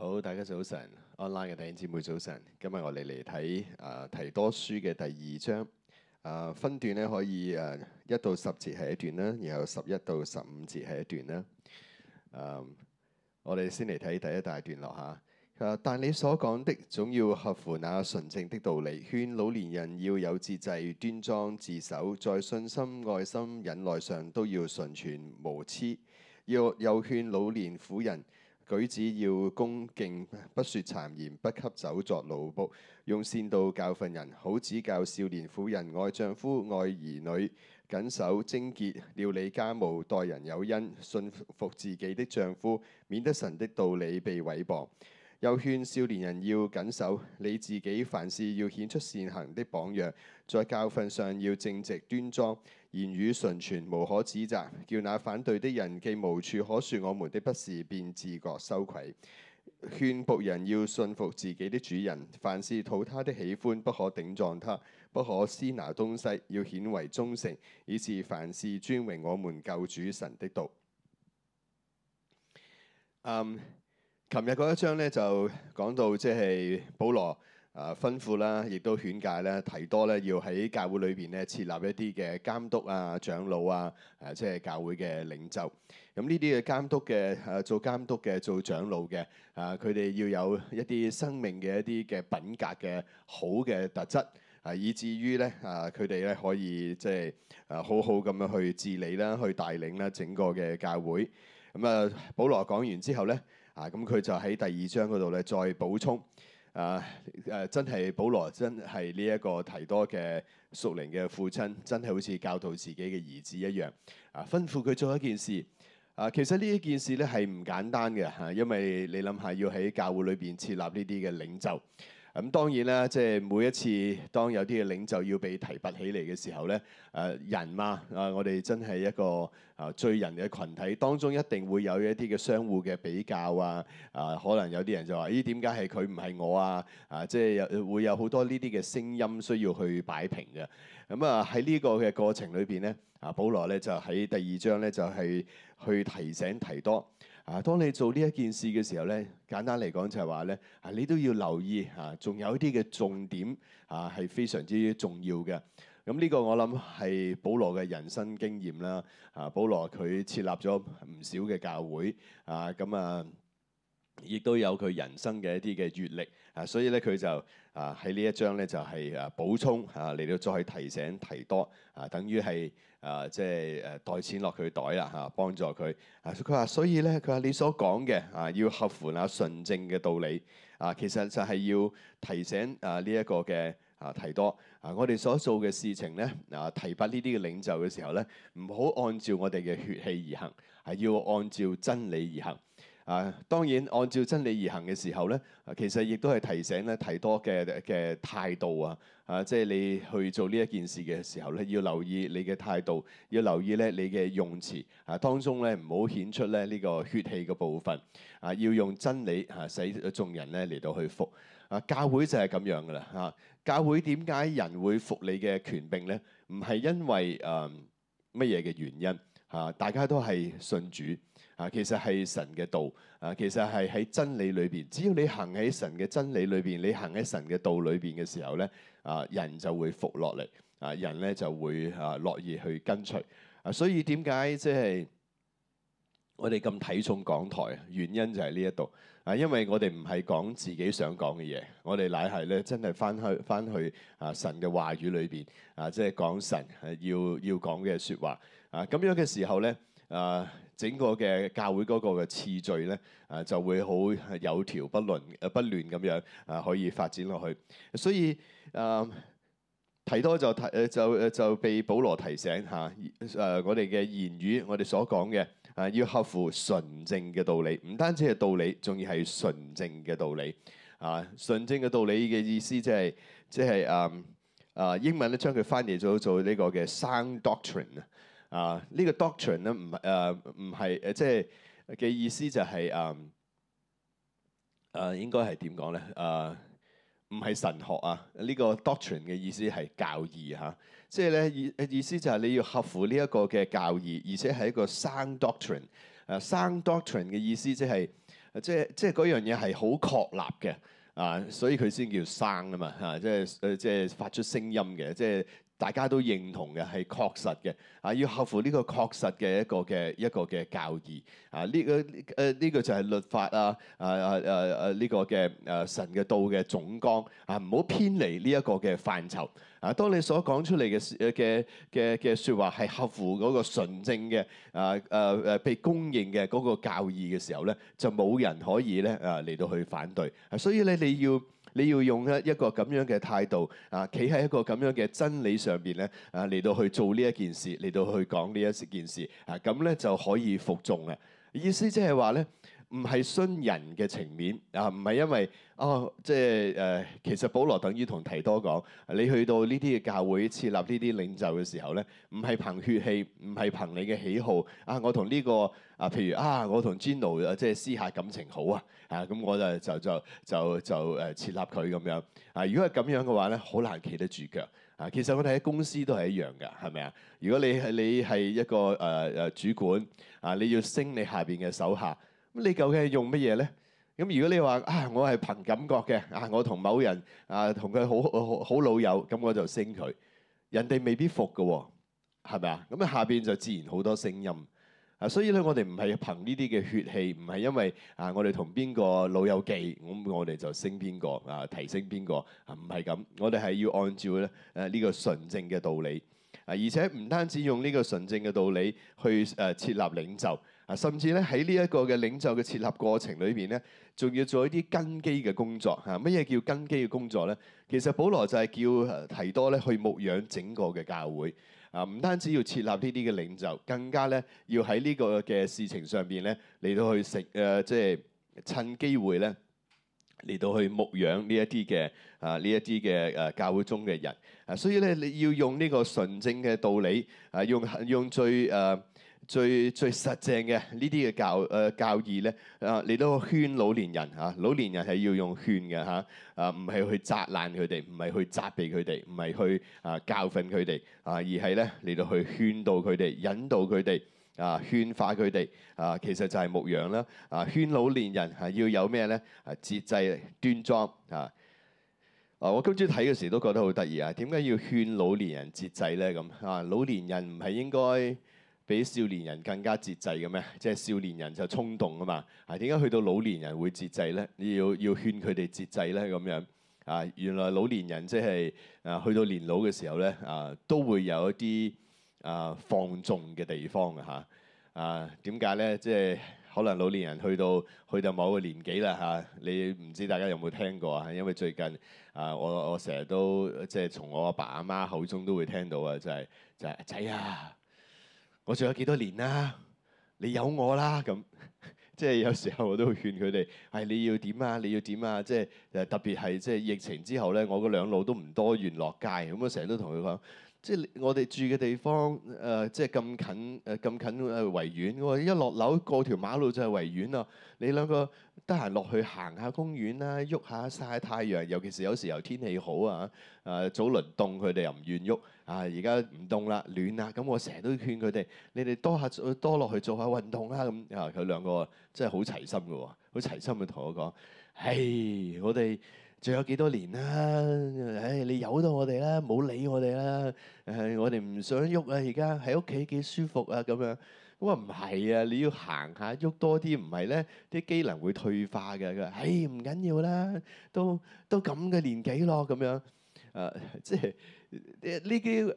好，大家早晨，online 嘅弟兄姊妹早晨。今日我哋嚟睇啊提多書嘅第二章。啊、呃，分段咧可以啊一、呃、到十節係一段啦，然後十一到十五節係一段啦、呃。我哋先嚟睇第一大段落吓、啊。但你所講的總要合乎那純正的道理，勸老年人要有節制、端莊自守，在信心、愛心、忍耐上都要純全無疵，要又勸老年婦人。舉止要恭敬，不說讒言，不給酒作奴僕，用善道教訓人，好指教少年婦人，愛丈夫，愛兒女，謹守貞潔，料理家務，待人有恩，信服自己的丈夫，免得神的道理被毀謗。又勸少年人要謹守你自己，凡事要顯出善行的榜樣，在教訓上要正直端莊，言語純全，無可指責，叫那反對的人既無處可說我們的不是，便自覺羞愧。勸僕人要信服自己的主人，凡事討他的喜歡，不可頂撞他，不可私拿東西，要顯為忠誠，以示凡是凡事尊榮我們救主神的道。Um, 琴日嗰一章咧就講到即係保羅啊，吩咐啦，亦都勸戒啦，提多咧要喺教會裏邊咧設立一啲嘅監督啊、長老啊，誒即係教會嘅領袖。咁呢啲嘅監督嘅誒做監督嘅做長老嘅啊，佢哋要有一啲生命嘅一啲嘅品格嘅好嘅特質啊，以至於咧啊，佢哋咧可以即係啊好好咁樣去治理啦、去帶領啦整個嘅教會。咁啊，保羅講完之後咧。啊，咁佢就喺第二章嗰度咧，再補充，啊，誒、啊、真係保羅真係呢一個提多嘅屬靈嘅父親，真係好似教導自己嘅兒子一樣，啊，吩咐佢做一件事，啊，其實呢一件事咧係唔簡單嘅嚇、啊，因為你諗下，要喺教會裏邊設立呢啲嘅領袖。咁當然啦，即係每一次當有啲嘅領袖要被提拔起嚟嘅時候咧，誒人嘛、啊，啊我哋真係一個啊罪人嘅群體當中，一定會有一啲嘅相互嘅比較啊，啊可能有啲人就話：咦點解係佢唔係我啊？啊即係會有好多呢啲嘅聲音需要去擺平嘅。咁啊喺呢個嘅過程裏邊咧，啊保羅咧就喺第二章咧就係、是、去提醒提多。啊！當你做呢一件事嘅時候咧，簡單嚟講就係話咧，啊你都要留意嚇，仲有一啲嘅重點啊係非常之重要嘅。咁呢個我諗係保羅嘅人生經驗啦。啊，保羅佢設立咗唔少嘅教會啊，咁啊亦都有佢人生嘅一啲嘅閲歷。啊，所以咧佢就啊喺呢一章咧就係、是、啊補充嚇嚟、啊、到再提醒提多啊，等於係啊即係誒袋錢落佢袋啦嚇，幫助佢啊。佢話、啊、所以咧，佢話你所講嘅啊要合乎啊純正嘅道理啊，其實就係要提醒啊呢一個嘅啊提多啊，我哋所做嘅事情咧啊提拔呢啲嘅領袖嘅時候咧，唔好按照我哋嘅血氣而行，係、啊、要按照真理而行。啊，當然按照真理而行嘅時候咧，其實亦都係提醒咧提多嘅嘅態度啊！啊，即係你去做呢一件事嘅時候咧，要留意你嘅態度，要留意咧你嘅用詞啊，當中咧唔好顯出咧呢個血氣嘅部分啊，要用真理啊，使眾人咧嚟到去服啊，教會就係咁樣噶啦嚇！教會點解人會服你嘅權柄咧？唔係因為誒乜嘢嘅原因嚇，啊，大家都係信主。啊，其實係神嘅道啊，其實係喺真理裏邊。只要你行喺神嘅真理裏邊，你行喺神嘅道裏邊嘅時候咧，啊，人就會服落嚟啊，人咧就會啊樂意去跟隨啊。所以點解即係我哋咁睇重講台？原因就係呢一度啊，因為我哋唔係講自己想講嘅嘢，我哋乃係咧真係翻去翻去啊神嘅話語裏邊啊，即係講神要要講嘅説話啊。咁樣嘅時候咧啊。整個嘅教會嗰個嘅次序咧，啊就會好有條不紊、不亂咁樣啊，可以發展落去。所以啊，提多就提就就被保羅提醒嚇，誒、啊啊、我哋嘅言語，我哋所講嘅啊，要合乎純正嘅道理，唔單止係道理，仲要係純正嘅道理。啊，純正嘅道理嘅意思即係即係啊啊英文咧將佢翻譯咗做呢個嘅 sound doctrine。啊，uh, doctrine, uh, uh, uh, uh, 呢個、uh, uh, doctrine 咧唔係誒唔係誒，即係嘅意思就係誒誒應該係點講咧？誒唔係神學啊，呢個 doctrine 嘅意思係教義嚇。即係咧意意思就係你要合乎呢一個嘅教義，而且係一個 sound doctrine 誒、uh, sound doctrine 嘅意思即係即係即係嗰樣嘢係好確立嘅、uh, uh, 啊，所以佢先叫 sound 啊嘛嚇，即係誒即係發出聲音嘅，即、就、係、是。大家都認同嘅係確實嘅，啊要合乎呢個確實嘅一個嘅一個嘅教義，啊呢、呢個誒呢、呃呢個就係律法啊啊啊啊啊呢個嘅誒神嘅道嘅總綱，啊唔好、啊這個啊啊、偏離呢一個嘅範疇。啊，當你所講出嚟嘅嘅嘅嘅説話係合乎嗰個純正嘅啊啊誒被公認嘅嗰個教義嘅時候咧，就冇人可以咧啊嚟到去反對。啊、所以咧你，你要。你要用一個一個咁樣嘅態度啊，企喺一個咁樣嘅真理上邊咧啊，嚟到去做呢一件事，嚟到去講呢一件事啊，咁咧就可以服眾啦，意思，即係話咧。唔係徇人嘅情面啊！唔係因為哦，即係誒，其實保羅等於同提多講：你去到呢啲嘅教會設立呢啲領袖嘅時候咧，唔係憑血氣，唔係憑你嘅喜好啊！我同呢、這個啊，譬如啊，我同 Gino 啊，即係私下感情好啊，啊咁我就就就就就誒設立佢咁樣啊。如果係咁樣嘅話咧，好難企得住腳啊。其實我哋喺公司都係一樣㗎，係咪啊？如果你係你係一個誒誒、呃、主管啊，你要升你下邊嘅手下。咁你究竟係用乜嘢咧？咁如果你話啊，我係憑感覺嘅，啊，我同某人啊，同佢好好好老友，咁我就升佢，人哋未必服㗎喎，係咪啊？咁下邊就自然好多聲音啊！所以咧，我哋唔係憑呢啲嘅血氣，唔係因為啊，我哋同邊個老友記，咁我哋就升邊個啊，提升邊個啊？唔係咁，我哋係要按照咧誒呢個純正嘅道理啊，而且唔單止用呢個純正嘅道理去誒設立領袖。啊，甚至咧喺呢一個嘅領袖嘅設立過程裏邊咧，仲要做一啲根基嘅工作嚇。乜嘢叫根基嘅工作咧？其實保羅就係叫提多咧去牧養整個嘅教會啊，唔單止要設立呢啲嘅領袖，更加咧要喺呢個嘅事情上邊咧嚟到去食誒，即係趁機會咧嚟到去牧養呢一啲嘅啊，呢一啲嘅誒教會中嘅人啊。所以咧你要用呢個純正嘅道理啊，用用最誒。最最實正嘅呢啲嘅教誒、呃、教義咧，啊嚟到勸老年人嚇，老年人係要用勸嘅嚇啊，唔係去責難佢哋，唔係去責備佢哋，唔係去啊教訓佢哋啊，而係咧嚟到去勸導佢哋，引導佢哋啊，勸化佢哋啊，其實就係牧養啦啊。勸老年人係要有咩咧啊？節制端莊啊！我今朝睇嘅時都覺得好得意啊！點解要勸老年人節制咧？咁啊，老年人唔係應該比少年人更加節制嘅咩？即係少年人就衝動啊嘛，啊點解去到老年人會節制咧？你要要勸佢哋節制咧咁樣啊？原來老年人即係啊，去到年老嘅時候咧啊，都會有一啲啊放縱嘅地方嘅嚇啊？點解咧？即係可能老年人去到去到某個年紀啦嚇、啊，你唔知大家有冇聽過啊？因為最近啊，我我成日都即係從我阿爸阿媽口中都會聽到啊，就係、係、就係仔啊！我仲有幾多年啦？你有我啦咁，即 係有時候我都會勸佢哋，係、哎、你要點啊？你要點啊？即、就、係、是、特別係即係疫情之後咧，我嗰兩老都唔多願落街，咁我成日都同佢講。即係我哋住嘅地方，誒、呃、即係咁近，誒、呃、咁近誒、啊、維園、啊。一落樓過條馬路就係維園啊！你兩個得閒落去行下公園啦、啊，喐下曬太陽。尤其是有時候天氣好啊，誒、啊、早輪凍佢哋又唔願喐啊。而家唔凍啦，暖啦，咁我成日都勸佢哋，你哋多，多下多落去做下運動啦。咁啊，佢兩個真係好齊心嘅喎、啊，好齊心去同我講，唉，我哋。仲有幾多年、啊哎、啦？唉，你由得我哋啦，冇理我哋啦。誒，我哋唔想喐啊，而家喺屋企幾舒服啊，咁樣。我話唔係啊，你要行下，喐多啲，唔係咧啲機能會退化嘅。佢話：唉，唔緊要啦，都到咁嘅年紀咯，咁樣。誒、啊，即係呢啲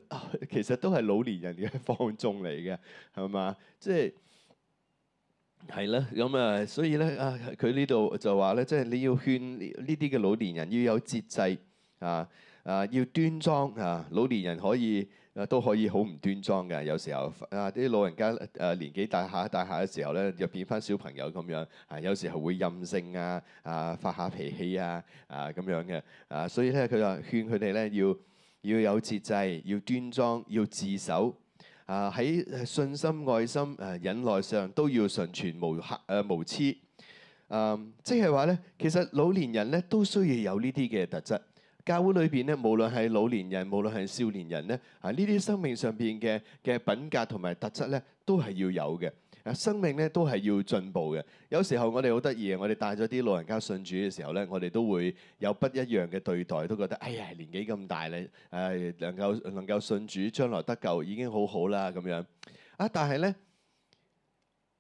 其實都係老年人嘅放縱嚟嘅，係嘛？即係。係啦，咁啊、嗯，所以咧啊，佢呢度就話咧，即、就、係、是、你要勸呢啲嘅老年人要有節制，啊啊要端莊啊。老年人可以啊都可以好唔端莊嘅，有時候啊啲老人家誒、啊、年紀大下大下嘅時候咧、啊，又變翻小朋友咁樣啊，有時候會任性啊啊，發下脾氣啊啊咁樣嘅啊，所以咧佢就勸佢哋咧要要有節制，要端莊，要自守。啊喺信心、愛心、誒忍耐上都要純全無瑕誒、呃、無疵，誒即係話咧，其實老年人咧都需要有呢啲嘅特質。教會裏邊咧，無論係老年人，無論係少年人咧，啊呢啲生命上邊嘅嘅品格同埋特質咧，都係要有嘅。啊，生命咧都係要進步嘅。有時候我哋好得意嘅，我哋帶咗啲老人家信主嘅時候咧，我哋都會有不一樣嘅對待，都覺得哎呀年紀咁大咧，誒能夠能夠信主，將來得救已經好好啦咁樣。啊，但係咧，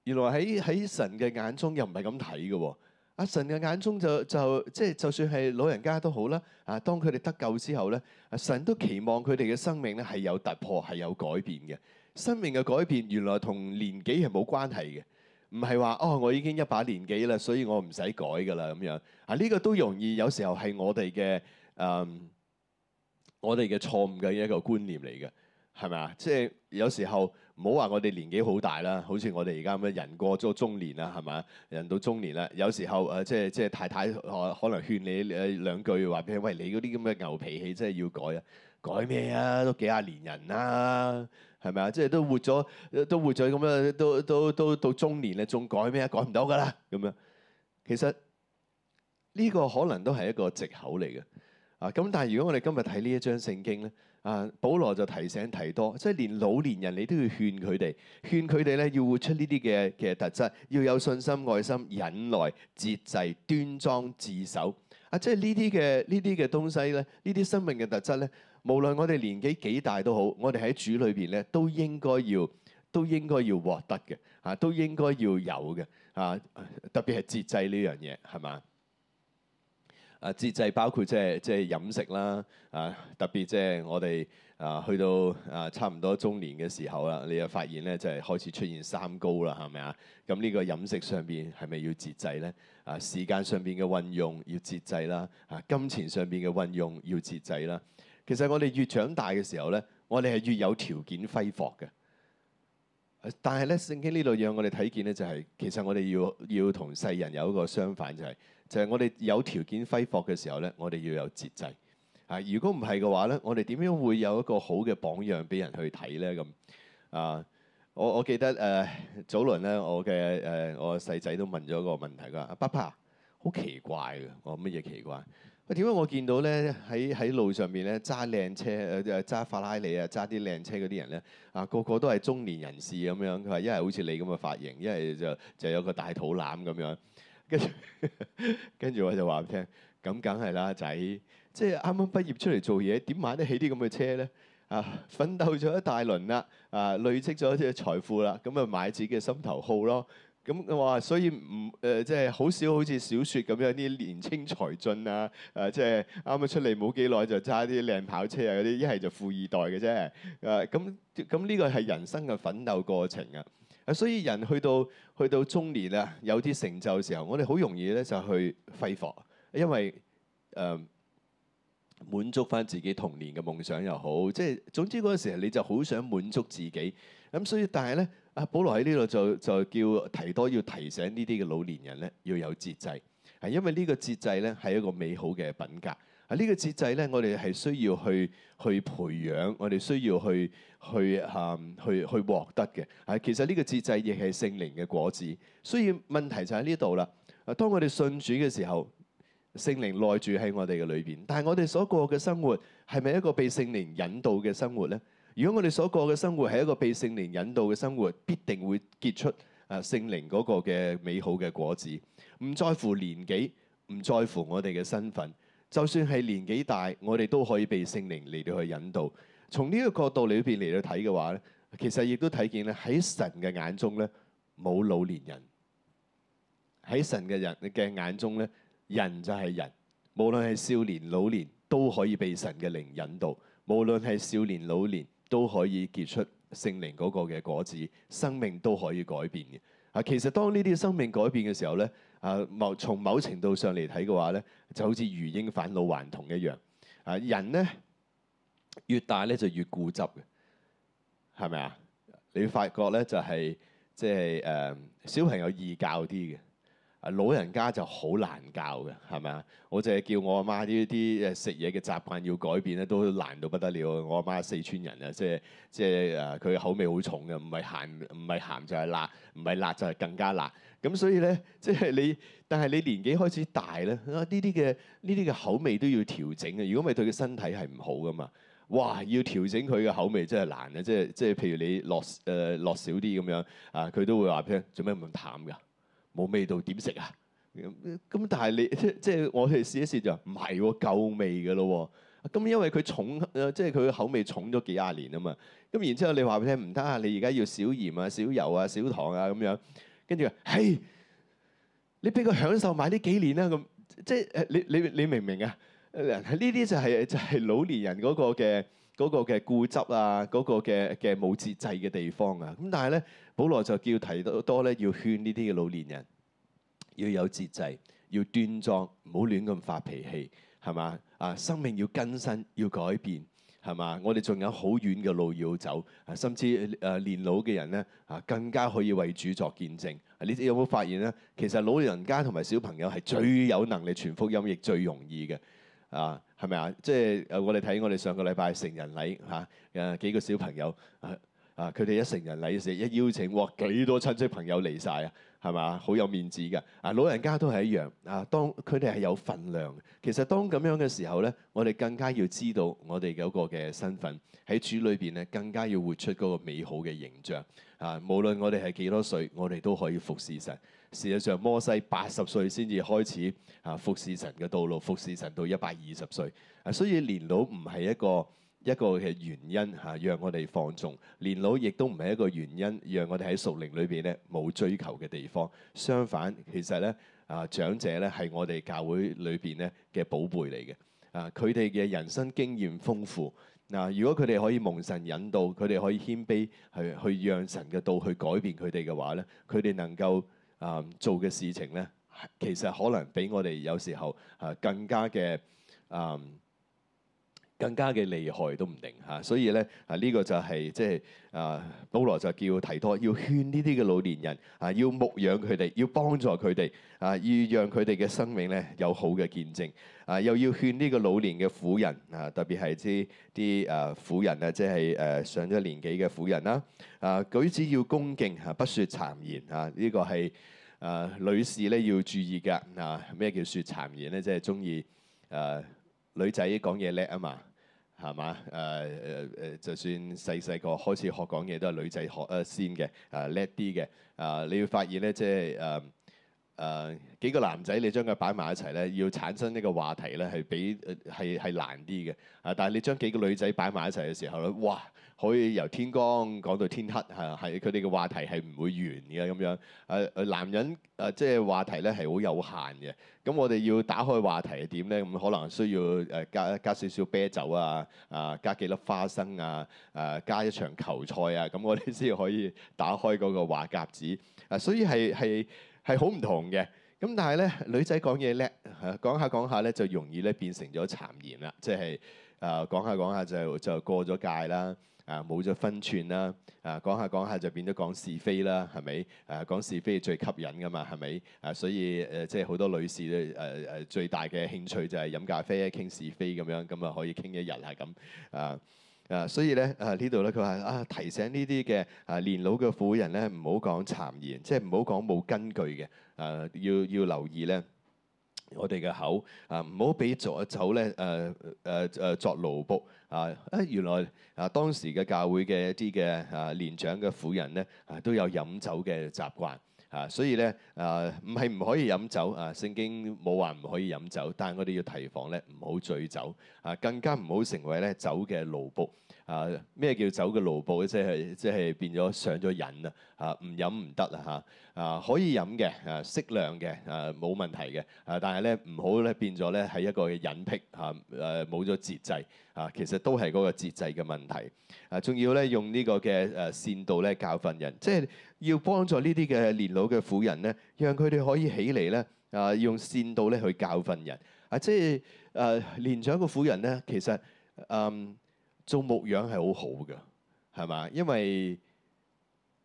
原來喺喺神嘅眼中又唔係咁睇嘅。啊，神嘅眼中就就即係就算係老人家都好啦。啊，當佢哋得救之後咧，神都期望佢哋嘅生命咧係有突破，係有改變嘅。生命嘅改變，原來同年紀係冇關係嘅，唔係話哦，我已經一把年紀啦，所以我唔使改噶啦咁樣啊。呢個都容易，有時候係我哋嘅，嗯，我哋嘅錯誤嘅一個觀念嚟嘅，係咪啊？即係有時候唔好話我哋年紀好大啦，好似我哋而家咁樣，人過咗中年啦，係嘛？人到中年啦，有時候誒、呃，即係即係太太可能勸你誒兩句，話俾你，喂，你嗰啲咁嘅牛脾氣真係要改啊！改咩啊？都幾廿年人啦～係咪啊？即係都活咗，都活咗咁啊！都都都到中年咧，仲改咩啊？改唔到㗎喇咁樣。其實呢個可能都係一個藉口嚟嘅。啊，咁但係如果我哋今日睇呢一張聖經咧，啊，保羅就提醒提多，即係連老年人你都要勸佢哋，勸佢哋咧要活出呢啲嘅嘅特質，要有信心、愛心、忍耐、節制、端莊、自守。啊，即係呢啲嘅呢啲嘅東西咧，呢啲生命嘅特質咧。無論我哋年紀幾大都好，我哋喺主裏邊咧都應該要都應該要獲得嘅啊，都應該要有嘅啊。特別係節制呢樣嘢係嘛啊？節制包括即係即係飲食啦啊，特別即係我哋啊去到啊差唔多中年嘅時候啦，你又發現咧就係、是、開始出現三高啦，係咪啊？咁呢個飲食上邊係咪要節制咧？啊，時間上邊嘅運用要節制啦，啊，金錢上邊嘅運用要節制啦。啊其實我哋越長大嘅時候咧，我哋係越有條件揮霍嘅。但係咧，聖經呢度讓我哋睇見咧、就係，就係其實我哋要要同世人有一個相反，就係、係、就係我哋有條件揮霍嘅時候咧，我哋要有節制嚇、啊。如果唔係嘅話咧，我哋點樣會有一個好嘅榜樣俾人去睇咧？咁啊，我我記得誒、呃、早輪咧，我嘅誒、呃、我細仔都問咗個問題㗎，阿爸爸好奇怪嘅，我乜嘢奇怪？喂，點解我見到咧喺喺路上面咧揸靚車誒揸、呃、法拉利駛駛啊揸啲靚車嗰啲人，咧啊個個都係中年人士咁樣，佢話一係好似你咁嘅髮型，一係就就有個大肚腩咁樣，跟住跟住我就話佢聽，咁梗係啦仔，即係啱啱畢業出嚟做嘢，點買得起啲咁嘅車咧？啊，奮鬥咗一大輪啦，啊累積咗啲財富啦，咁啊買自己嘅心頭好咯。咁嘩，所以唔誒，即係好少好似小説咁樣啲年青才俊啊！誒，即係啱啱出嚟冇幾耐就揸啲靚跑車啊！嗰啲一係就富二代嘅啫。誒、啊，咁咁呢個係人生嘅奮鬥過程啊！所以人去到去到中年啊，有啲成就嘅時候，我哋好容易咧就去揮霍，因為誒、呃、滿足翻自己童年嘅夢想又好，即、就、係、是、總之嗰陣時候你就好想滿足自己。咁、嗯、所以，但係咧。啊，保羅喺呢度就就叫提多要提醒呢啲嘅老年人咧，要有節制。啊，因為呢個節制咧係一個美好嘅品格。啊，呢、這個節制咧，我哋係需要去去培養，我哋需要去去嚇、啊、去去獲得嘅。啊，其實呢個節制亦係聖靈嘅果子。所以問題就喺呢度啦。啊，當我哋信主嘅時候，聖靈內住喺我哋嘅裏邊。但係我哋所過嘅生活係咪一個被聖靈引導嘅生活咧？如果我哋所過嘅生活係一個被聖靈引導嘅生活，必定會結出誒聖靈嗰個嘅美好嘅果子。唔在乎年紀，唔在乎我哋嘅身份，就算係年紀大，我哋都可以被聖靈嚟到去引導。從呢個角度裏邊嚟到睇嘅話咧，其實亦都睇見咧喺神嘅眼中咧冇老年人。喺神嘅人嘅眼中咧，人就係人，無論係少年、老年都可以被神嘅靈引導，無論係少年、老年。都可以結出聖靈嗰個嘅果子，生命都可以改變嘅。啊，其實當呢啲生命改變嘅時候咧，啊，某從某程度上嚟睇嘅話咧，就好似如嬰返老還童一樣。啊，人咧越大咧就越固執嘅，係咪啊？你發覺咧就係即係誒小朋友易教啲嘅。老人家就好難教嘅，係咪啊？我淨係叫我阿媽呢啲誒食嘢嘅習慣要改變咧，都難到不得了。我阿媽四川人啊，即係即係誒，佢嘅口味好重嘅，唔係鹹唔係鹹就係辣，唔係辣就係更加辣。咁所以咧，即係你，但係你年紀開始大咧，呢啲嘅呢啲嘅口味都要調整嘅。如果唔係對佢身體係唔好噶嘛。哇，要調整佢嘅口味真係難嘅，即係即係譬如你落誒落少啲咁樣啊，佢都會話，譬如做咩咁淡㗎？冇味道點食啊？咁但係你即即係我哋試一試就唔係喎，夠味㗎咯喎。咁因為佢重即係佢口味重咗幾廿年啊嘛。咁然之後你話俾佢聽唔得啊？你而家要少鹽啊、少油啊、少糖啊咁樣。跟住話係你俾佢享受埋呢幾年啦。咁即係你你你,你明唔明啊？呢啲就係就係老年人嗰個嘅。嗰個嘅固執啊，嗰、那個嘅嘅冇節制嘅地方啊，咁但係咧，保羅就叫提多咧，要勸呢啲嘅老年人要有節制，要端莊，唔好亂咁發脾氣，係嘛啊？生命要更新，要改變，係嘛？我哋仲有好遠嘅路要走，啊、甚至誒、啊、年老嘅人咧，啊更加可以為主作見證。你哋有冇發現咧？其實老人家同埋小朋友係最有能力傳福音，亦最容易嘅。啊，係咪啊？即係誒，我哋睇我哋上個禮拜成人禮嚇，誒、啊、幾個小朋友啊，佢、啊、哋一成人禮時一邀請，哇，幾多親戚朋友嚟晒，啊？係咪啊？好有面子嘅。啊，老人家都係一樣啊。當佢哋係有份量，其實當咁樣嘅時候咧，我哋更加要知道我哋嗰個嘅身份喺主裏邊咧，更加要活出嗰個美好嘅形象啊。無論我哋係幾多歲，我哋都可以服侍神。事實上，摩西八十歲先至開始啊服侍神嘅道路，服侍神到一百二十歲啊。所以年老唔係一個一個嘅原因嚇、啊，讓我哋放縱，年老亦都唔係一個原因，讓我哋喺熟齡裏邊咧冇追求嘅地方。相反，其實咧啊，長者咧係我哋教會裏邊咧嘅寶貝嚟嘅啊。佢哋嘅人生經驗豐富嗱、啊，如果佢哋可以蒙神引導，佢哋可以謙卑係去，去，去讓神嘅道去改變佢哋嘅話咧，佢哋能夠。啊，um, 做嘅事情咧，其實可能比我哋有時候啊更加嘅啊。嗯更加嘅厲害都唔定嚇，所以咧啊呢個就係即係啊，保羅就叫提多要勸呢啲嘅老年人啊，要牧養佢哋，要幫助佢哋啊，要讓佢哋嘅生命咧有好嘅見證啊，又要勸呢個老年嘅婦人啊，特別係啲啲啊婦人啊，即係誒上咗年紀嘅婦人啦啊，舉止要恭敬嚇，不説讒言嚇，呢個係啊女士咧要注意㗎嗱，咩叫説讒言咧？即係鍾意誒女仔講嘢叻啊嘛～係嘛？誒誒誒，就算細細個開始學講嘢，都係女仔學誒、呃、先嘅，誒叻啲嘅。啊，你會發現咧，即係誒誒幾個男仔，你將佢擺埋一齊咧，要產生呢個話題咧，係比係係難啲嘅。啊，但係你將幾個女仔擺埋一齊嘅時候咧，哇！可以由天光講到天黑嚇，係佢哋嘅話題係唔會完嘅咁樣。誒、呃、誒，男人誒即係話題咧係好有限嘅。咁我哋要打開話題係點咧？咁可能需要誒加加少少啤酒啊，啊加幾粒花生啊，誒加一場球賽啊，咁我哋先可以打開嗰個話匣子。啊，所以係係係好唔同嘅。咁但係咧，女仔講嘢叻嚇，講下講下咧就容易咧變成咗讒言啦，即係誒講下講下就就過咗界啦。啊，冇咗分寸啦！啊，講下講下就變咗講是非啦，係咪？啊，講是非是最吸引噶嘛，係咪、呃就是呃啊？啊，所以誒，即係好多女士咧誒誒，最大嘅興趣就係飲咖啡傾是非咁樣，咁啊可以傾一日係咁啊啊！所以咧啊呢度咧，佢話啊，提醒呢啲嘅啊年老嘅婦人咧，唔好講讒言，即係唔好講冇根據嘅啊，要要留意咧，我哋嘅口啊，唔好俾左酒咧誒誒誒作奴僕。啊！誒原來啊，當時嘅教會嘅一啲嘅啊年長嘅婦人咧，啊都有飲酒嘅習慣啊，所以咧啊唔係唔可以飲酒啊，聖經冇話唔可以飲酒，但係我哋要提防咧，唔好醉酒啊，更加唔好成為咧酒嘅奴僕。啊！咩叫酒嘅奴僕？即係即係變咗上咗癮啊！啊，唔飲唔得啦嚇！啊，可以飲嘅，啊適量嘅，啊冇問題嘅。啊，但係咧唔好咧變咗咧係一個嘅隱癖嚇，誒冇咗節制啊，其實都係嗰個節制嘅問題。啊，仲要咧用呢個嘅誒善道咧教訓人，即係要幫助呢啲嘅年老嘅婦人咧，讓佢哋可以起嚟咧啊，用善道咧去教訓人啊，即係誒年長嘅婦人咧，其實嗯。做牧養係好好㗎，係咪？因為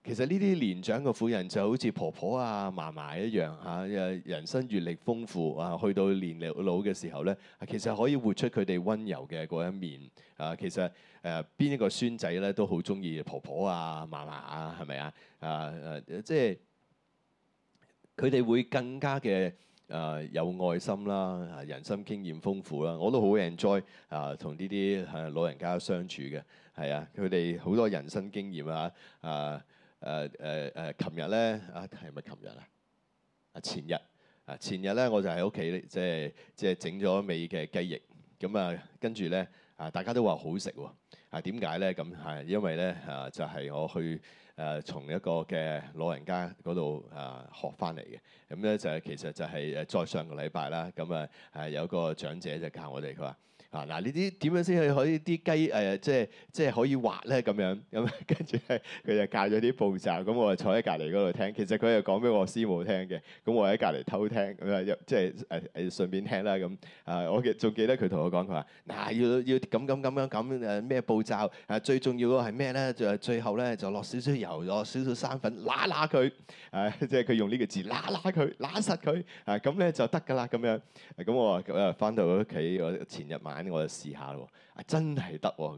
其實呢啲年長嘅婦人就好似婆婆啊、嫲嫲一樣嚇，誒、啊、人生閲歷豐富啊，去到年齡老嘅時候咧、啊，其實可以活出佢哋溫柔嘅嗰一面啊。其實誒邊、啊、一個孫仔咧都好中意婆婆啊、嫲嫲啊，係咪啊？啊誒，即係佢哋會更加嘅。啊，有愛心啦，人生經驗豐富啦，我都好 enjoy 啊，同呢啲係老人家相處嘅，係啊，佢哋好多人生經驗啊，啊誒誒誒，琴日咧啊，係咪琴日啊？啊啊前日啊前日咧，我就喺屋企即係即係整咗味嘅雞翼，咁啊跟住咧啊，大家都話好食喎，啊點解咧？咁係因為咧啊，就係我去。誒、呃、從一個嘅老人家嗰度啊學翻嚟嘅，咁、嗯、咧就係其實就係誒再上個禮拜啦，咁誒係有個長者就教我哋㗎，佢話。嗱嗱，呢啲點樣先可以啲雞誒，即係即係可以滑咧咁樣咁，跟住咧佢就教咗啲步驟，咁我啊坐喺隔離嗰度聽。其實佢係講俾我師母聽嘅，咁我喺隔離偷聽咁啊，即係誒誒順便聽啦咁。啊，我仲記得佢同我講，佢話嗱要要咁咁咁樣咁誒咩步驟？誒最重要個係咩咧？就最後咧就落少少油，落少少生粉，揦揦佢。啊，即係佢用呢個字揦揦佢，揦實佢。啊，咁咧就得㗎啦咁樣。咁我啊翻到屋企，我前日晚。我就試下喎，啊真係得喎，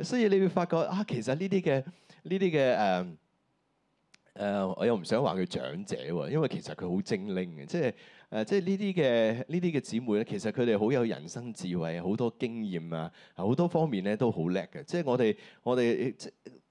咁所以你會發覺啊，其實呢啲嘅呢啲嘅誒誒，我又唔想話佢長者喎，因為其實佢好精靈嘅，即係誒即係呢啲嘅呢啲嘅姊妹咧，其實佢哋好有人生智慧，好多經驗啊，好多方面咧都好叻嘅，即係我哋我哋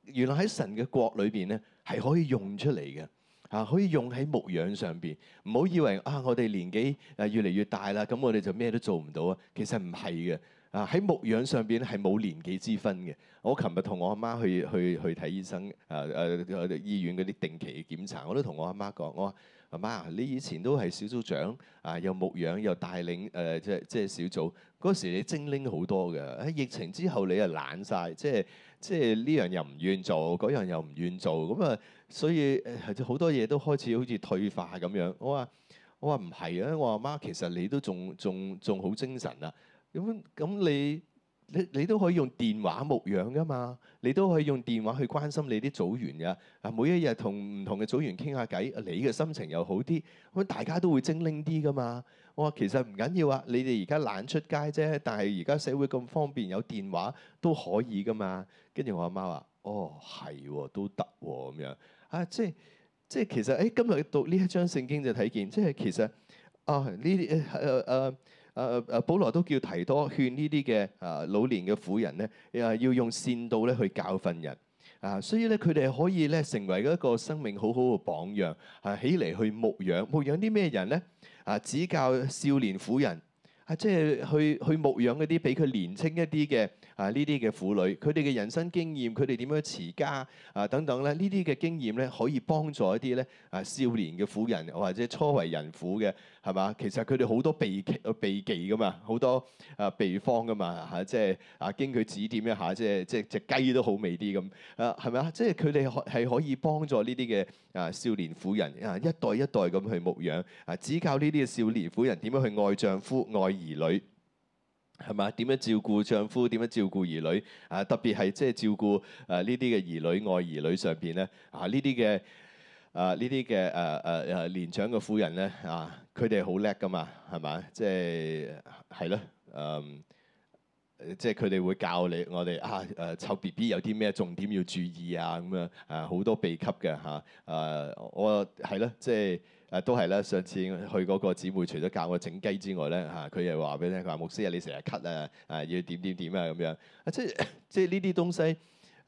原來喺神嘅國裏邊咧係可以用出嚟嘅。啊，可以用喺牧養上邊，唔好以為啊，我哋年紀誒越嚟越大啦，咁我哋就咩都做唔到啊！其實唔係嘅，啊喺牧養上邊係冇年紀之分嘅。我琴日同我阿媽去去去睇醫生，誒、啊、誒，喺醫院嗰啲定期嘅檢查，我都同我阿媽講，我話。阿媽，你以前都係小組長啊，又牧養又帶領誒、呃、即即小組，嗰時你精靈好多嘅。喺、啊、疫情之後你又懶晒，即即呢樣又唔願做，嗰樣又唔願做，咁啊，所以呃、好多嘢都開始好似退化咁樣。我話我話唔係啊，我阿媽其實你都仲仲仲好精神啊。咁咁你。你你都可以用電話牧養噶嘛，你都可以用電話去關心你啲組員嘅。啊，每一日同唔同嘅組員傾下偈，你嘅心情又好啲，咁大家都會精靈啲噶嘛。我話其實唔緊要啊，你哋而家懶出街啫，但係而家社會咁方便有電話都可以噶嘛。跟住我阿媽話：哦，係喎、啊，都得喎咁樣。啊，即係即係其實，誒、哎、今日讀呢一章聖經就睇見，即係其實啊呢啲誒誒。誒誒、啊，保羅都叫提多勸呢啲嘅誒老年嘅婦人咧，誒要用善道咧去教訓人，啊，所以咧佢哋可以咧成為一個生命好好嘅榜樣，啊起嚟去牧養，牧養啲咩人咧？啊指教少年婦人，啊即係去去牧養嗰啲比佢年青一啲嘅。啊！呢啲嘅婦女，佢哋嘅人生經驗，佢哋點樣持家啊等等咧？呢啲嘅經驗咧，可以幫助一啲咧啊少年嘅婦人，或者初為人婦嘅係嘛？其實佢哋好多秘秘技噶嘛，好多啊秘方噶嘛嚇、啊，即係啊經佢指點一下，即係即係隻雞都好味啲咁啊係咪啊？即係佢哋係可以幫助呢啲嘅啊少年婦人啊一代一代咁去牧養啊，指教呢啲嘅少年婦人點樣去愛丈夫、愛兒女。係咪？點樣照顧丈夫？點樣照顧兒女？啊，特別係即係照顧誒呢啲嘅兒女愛兒女上邊咧啊！呢啲嘅啊呢啲嘅誒誒誒年長嘅婦人咧啊，佢哋好叻噶嘛，係咪？即係係咯，嗯，即係佢哋會教你我哋啊誒湊 B B 有啲咩重點要注意啊咁樣啊，好多秘笈嘅嚇，誒我係咯即係。誒、啊、都係啦，上次去嗰個姊妹，除咗教我整雞之外咧，嚇佢又話俾你聽，佢話牧師啊，你成日咳啊，啊要點點點啊咁樣，啊即係即係呢啲東西。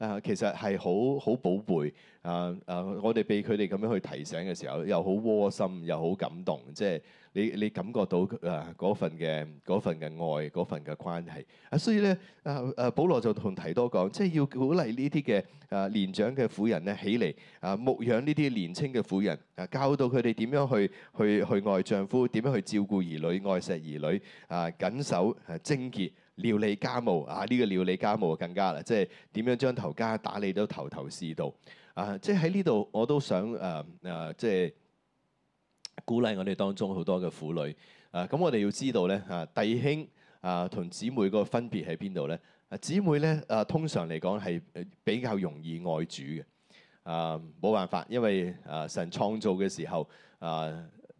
啊，其實係好好寶貝啊！啊，我哋俾佢哋咁樣去提醒嘅時候，又好窩心，又好感動。即係你你感覺到啊嗰份嘅嗰份嘅愛，嗰份嘅關係。啊，所以咧啊啊，保羅就同提多講，即係要鼓勵呢啲嘅啊年長嘅婦人咧起嚟啊，牧養呢啲年青嘅婦人啊，教到佢哋點樣去去去愛丈夫，點樣去照顧兒女，愛惜兒女啊，緊守啊貞潔。料理家務啊！呢個料理家務更加啦，即係點樣將頭家打理都頭頭是道啊！即係喺呢度我都想誒誒、啊，即係鼓勵我哋當中好多嘅婦女啊！咁我哋要知道咧啊弟兄啊同姊妹個分別喺邊度咧？姊妹咧啊通常嚟講係比較容易愛主嘅啊，冇辦法，因為啊神創造嘅時候啊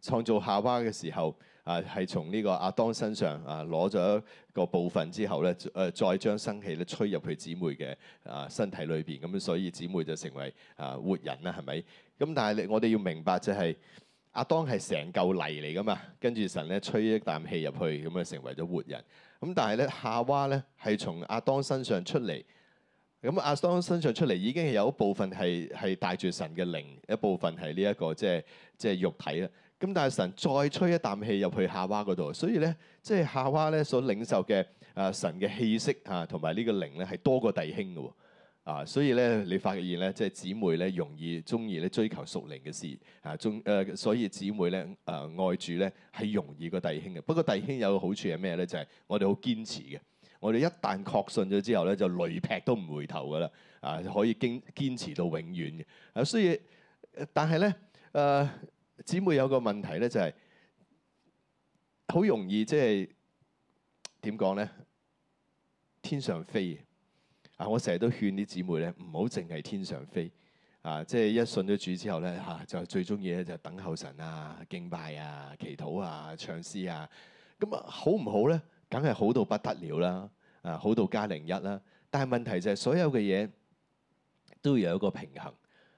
創造夏娃嘅時候。啊，係從呢個亞當身上啊攞咗個部分之後咧，誒、呃、再將生氣咧吹入去姊妹嘅啊身體裏邊，咁、啊、所以姊妹就成為啊活人啦，係咪？咁但係我哋要明白就係、是、亞當係成嚿泥嚟㗎嘛，跟住神咧吹一啖氣入去，咁啊成為咗活人。咁、啊、但係咧，夏娃咧係從亞當身上出嚟，咁、啊、亞當身上出嚟已經係有一部分係係帶住神嘅靈，一部分係呢一個即係即係肉體啦。咁但係神再吹一啖氣入去夏娃嗰度，所以咧，即係夏娃咧所領受嘅啊、呃、神嘅氣息啊，同埋呢個靈咧係多過弟兄嘅喎啊！所以咧，你發現咧，即係姊妹咧容易中意咧追求屬靈嘅事啊，中誒、呃，所以姊妹咧啊、呃、愛主咧係容易過弟兄嘅。不過弟兄有個好處係咩咧？就係、係、我哋好堅持嘅，我哋一旦確信咗之後咧，就雷劈都唔回頭噶啦啊！可以堅堅持到永遠嘅啊，所以但係咧誒。呃姊妹有個問題咧，就係、是、好容易即係點講咧？天上飛啊！我成日都勸啲姊妹咧，唔好淨係天上飛啊！即、就、係、是、一信咗主之後咧，嚇、啊、就最中意咧就等候神啊、敬拜啊、祈禱啊、唱詩啊。咁、嗯、啊，好唔好咧？梗係好到不得了啦！啊，好到加零一啦。但係問題就係、是、所有嘅嘢都要有一個平衡。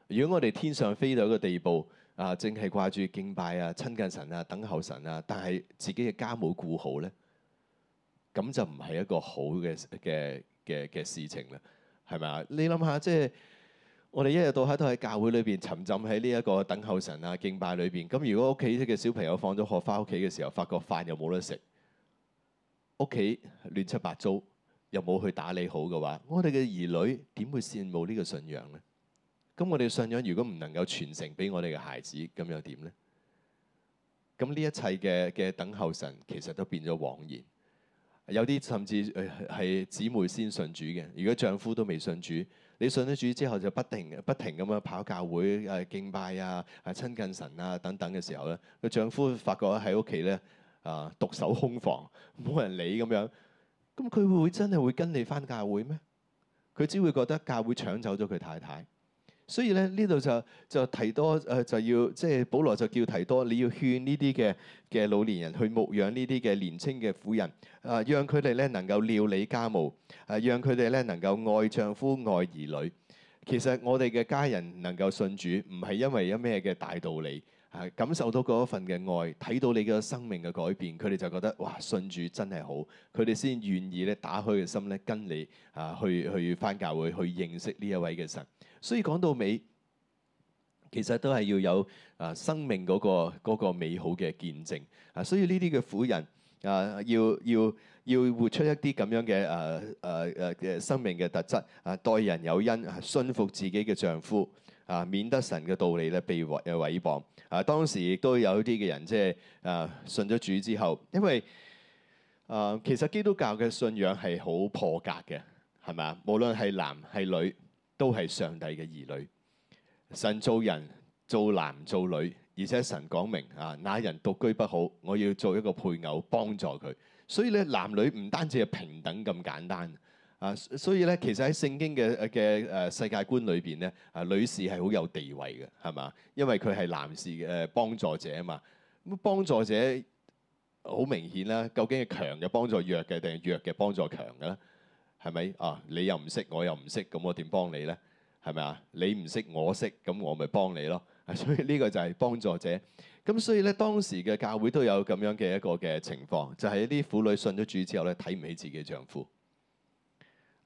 如果我哋天上飛到一個地步，啊，正係掛住敬拜啊、親近神啊、等候神啊，但係自己嘅家冇顧好咧，咁就唔係一個好嘅嘅嘅嘅事情啦，係咪啊？你諗下，即係我哋一日到黑都喺教會裏邊沉浸喺呢一個等候神啊、敬拜裏邊，咁如果屋企嘅小朋友放咗學返屋企嘅時候，發覺飯又冇得食，屋企亂七八糟又冇去打理好嘅話，我哋嘅兒女點會羨慕呢個信仰咧？咁我哋信仰如果唔能夠傳承俾我哋嘅孩子，咁又點呢？咁呢一切嘅嘅等候神，其實都變咗枉然。有啲甚至呃、係姊妹先信主嘅，如果丈夫都未信主，你信咗主之後就不停不停咁樣跑教會誒、啊、敬拜啊、啊、親近神啊等等嘅時候咧，個丈夫發覺喺屋企咧、啊獨守空房，冇人理咁樣，咁佢會會真係會跟你返教會咩？佢只會覺得教會搶走咗佢太太。所以咧，呢度就就提多誒，就要即係保羅就叫提多，你要勸呢啲嘅嘅老年人去牧養呢啲嘅年青嘅婦人，誒、啊，讓佢哋咧能夠料理家務，誒、啊，讓佢哋咧能夠愛丈夫、愛兒女。其實我哋嘅家人能夠信主，唔係因為有咩嘅大道理，係、啊、感受到嗰一份嘅愛，睇到你嘅生命嘅改變，佢哋就覺得哇，信主真係好，佢哋先願意咧打開嘅心咧跟你啊去去返教會去認識呢一位嘅神。所以講到尾，其實都係要有啊、呃、生命嗰、嗰個嗰個美好嘅見證啊。所以呢啲嘅婦人啊，要要要活出一啲咁樣嘅誒誒誒嘅生命嘅特質啊，待人有恩，啊、信服自己嘅丈夫啊，免得神嘅道理咧被毀謗啊。當時亦都有啲嘅人即、就、係、是、啊信咗主之後，因為啊其實基督教嘅信仰係好破格嘅，係咪啊？無論係男係女。都係上帝嘅兒女，神做人做男做女，而且神講明啊，那人獨居不好，我要做一個配偶幫助佢。所以咧，男女唔單止係平等咁簡單啊。所以咧，其實喺聖經嘅嘅誒世界觀裏邊咧，啊女士係好有地位嘅，係嘛？因為佢係男士嘅幫助者啊嘛。咁幫助者好明顯啦，究竟係強嘅幫助弱嘅，定係弱嘅幫助強嘅咧？係咪啊？你又唔識，我又唔識，咁我點幫你呢？係咪啊？你唔識，我識，咁我咪幫你咯。所以呢個就係幫助者。咁所以呢，當時嘅教會都有咁樣嘅一個嘅情況，就係一啲婦女信咗主之後咧，睇唔起自己丈夫。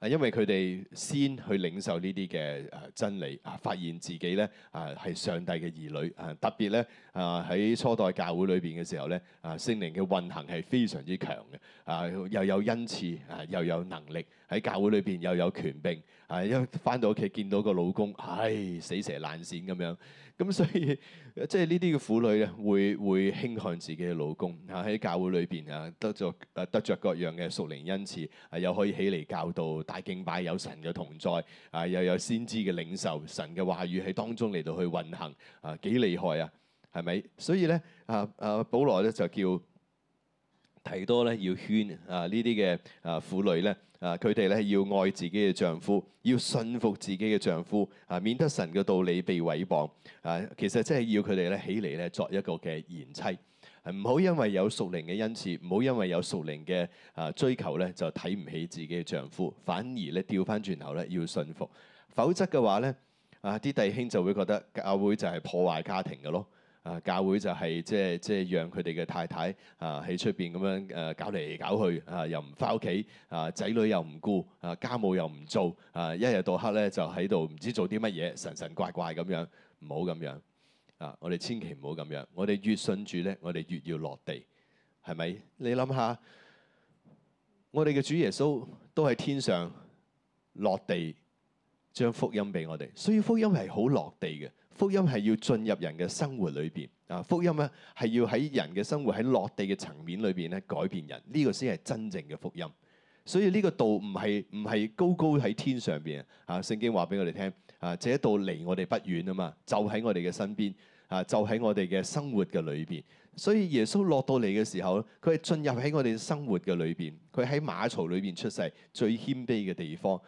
因為佢哋先去領受呢啲嘅誒真理啊，發現自己咧啊係上帝嘅兒女啊，特別咧啊喺初代教會裏邊嘅時候咧，啊聖靈嘅運行係非常之強嘅啊，又有恩賜啊，又有能力喺教會裏邊又有權柄啊，因返到屋企見到個老公唉、哎、死蛇爛鱔咁樣。咁所以，即係呢啲嘅婦女咧，會會輕看自己嘅老公嚇喺、啊、教會裏邊啊，得着啊得著各樣嘅屬靈恩賜，又可以起嚟教導大敬拜，有神嘅同在啊，又有先知嘅領受，神嘅話語喺當中嚟到去運行啊，幾厲害啊，係咪？所以咧啊啊，保羅咧就叫提多咧要勸啊呢啲嘅啊婦女咧。啊！佢哋咧要愛自己嘅丈夫，要信服自己嘅丈夫，啊，免得神嘅道理被毀謗。啊，其實即係要佢哋咧起嚟咧作一個嘅賢妻，唔好因為有屬靈嘅恩賜，唔好因為有屬靈嘅啊追求咧就睇唔起自己嘅丈夫，反而咧調翻轉頭咧要信服，否則嘅話咧啊啲弟兄就會覺得教會就係破壞家庭嘅咯。啊，教會就係即係即係讓佢哋嘅太太啊喺出邊咁樣誒搞嚟搞去啊，又唔返屋企啊，仔女又唔顧啊，家務又唔做啊，一日到黑咧就喺度唔知做啲乜嘢神神怪怪咁樣，唔好咁樣啊！我哋千祈唔好咁樣，我哋越信主咧，我哋越，越，越要落地，係咪？你諗下，我哋嘅主耶穌都喺天上落地，將福音俾我哋，所以福音係好落地嘅。福音係要進入人嘅生活裏邊啊！福音咧係要喺人嘅生活喺落地嘅層面裏邊咧改變人，呢、這個先係真正嘅福音。所以呢個道唔係唔係高高喺天上邊啊！聖經話俾我哋聽啊，這道離我哋不遠啊嘛，就喺我哋嘅身邊啊，就喺我哋嘅、啊、生活嘅裏邊。所以耶穌落到嚟嘅時候，佢係進入喺我哋生活嘅裏邊，佢喺馬槽裏邊出世，最謙卑嘅地方。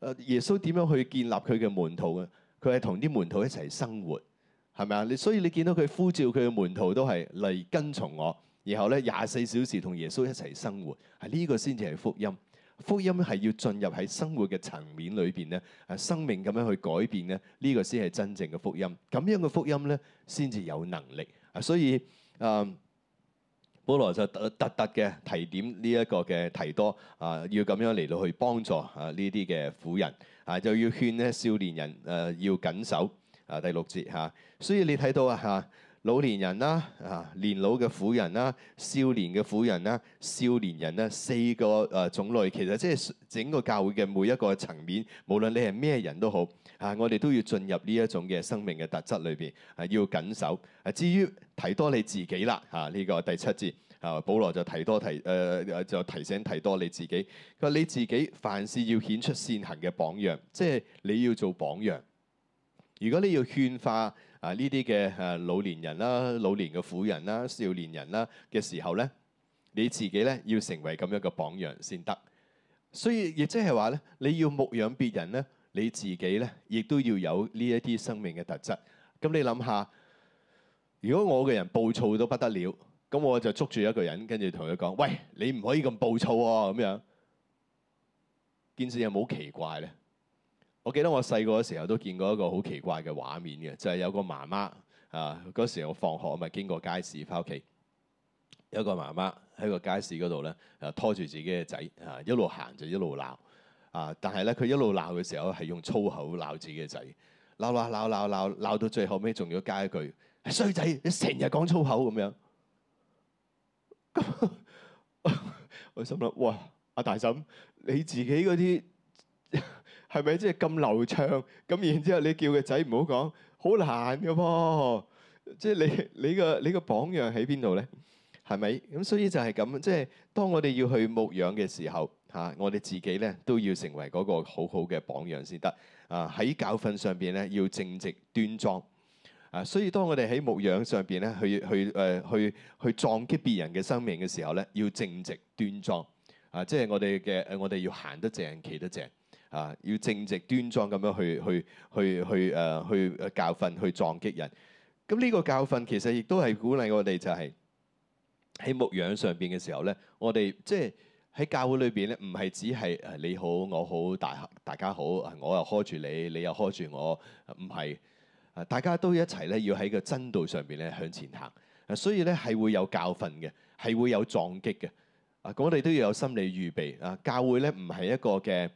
誒、啊，耶穌點樣去建立佢嘅門徒嘅？佢係同啲門徒一齊生活，係咪啊？你所以你見到佢呼召佢嘅門徒都係嚟跟從我，然後咧廿四小時同耶穌一齊生活，係呢個先至係福音。福音係要進入喺生活嘅層面裏邊咧，啊，生命咁樣去改變咧，呢個先係真正嘅福音。咁樣嘅福音咧，先至有能力。啊，所以啊，保羅就特特特嘅提點呢一個嘅提多啊，要咁樣嚟到去幫助啊呢啲嘅婦人。啊，就要勸呢少年人誒，要緊守啊。第六節嚇，所以你睇到啊，嚇老年人啦、啊年老嘅婦人啦、少年嘅婦人啦、少年人啦四個誒種類，其實即係整個教會嘅每一個層面，無論你係咩人都好啊，我哋都要進入呢一種嘅生命嘅特質裏邊啊，要緊守啊。至於提多你自己啦嚇，呢個第七節。啊！保羅就提多提誒、呃，就提醒提多你自己。佢話：你自己凡事要顯出善行嘅榜樣，即係你要做榜樣。如果你要勸化啊呢啲嘅誒老年人啦、老年嘅婦人啦、少年人啦嘅時候咧，你自己咧要成為咁樣嘅榜樣先得。所以亦即係話咧，你要牧養別人咧，你自己咧亦都要有呢一啲生命嘅特質。咁你諗下，如果我嘅人暴躁到不得了？咁我就捉住一個人，跟住同佢講：喂，你唔可以咁暴躁喎，啊！咁樣件事有冇奇怪咧？我記得我細個嗰時候都見過一個好奇怪嘅畫面嘅，就係、是、有個媽媽啊，嗰時候我放學咪經過街市翻屋企，有個媽媽喺個街市嗰度咧，誒拖住自己嘅仔啊，一路行就一路鬧啊！但係咧佢一路鬧嘅時候係用粗口鬧自己嘅仔，鬧鬧鬧鬧鬧鬧到最後尾，仲要加一句衰仔、哎，你成日講粗口咁樣。咁我心諗，哇！阿大嬸，你自己嗰啲係咪即係咁流暢？咁然之後你叫個仔唔好講，好難㗎噃，即係你你個你個榜樣喺邊度咧？係咪？咁所以就係咁，即係當我哋要去牧養嘅時候，嚇我哋自己咧都要成為嗰個好好嘅榜樣先得啊！喺教訓上邊咧要正直端莊。啊，所以當我哋喺牧養上邊咧，去去誒，去、呃、去，去，去撞擊別人嘅生命嘅時候咧，要正直端莊啊！即係我哋嘅誒，我哋要行得正，企得正啊！要正直端莊咁樣去去去去誒、呃呃，去教訓，去撞擊人。咁呢個教訓其實亦都係鼓勵我哋，就係喺牧養上邊嘅時候咧，我哋即係喺教會裏邊咧，唔係只係誒你好我好大大家好，我又呵住你，你又呵住我，唔係。大家都一齊咧，要喺個真道上邊咧向前行。所以咧係會有教訓嘅，係會有撞擊嘅。啊，我哋都要有心理預備啊！教會咧唔係一個嘅，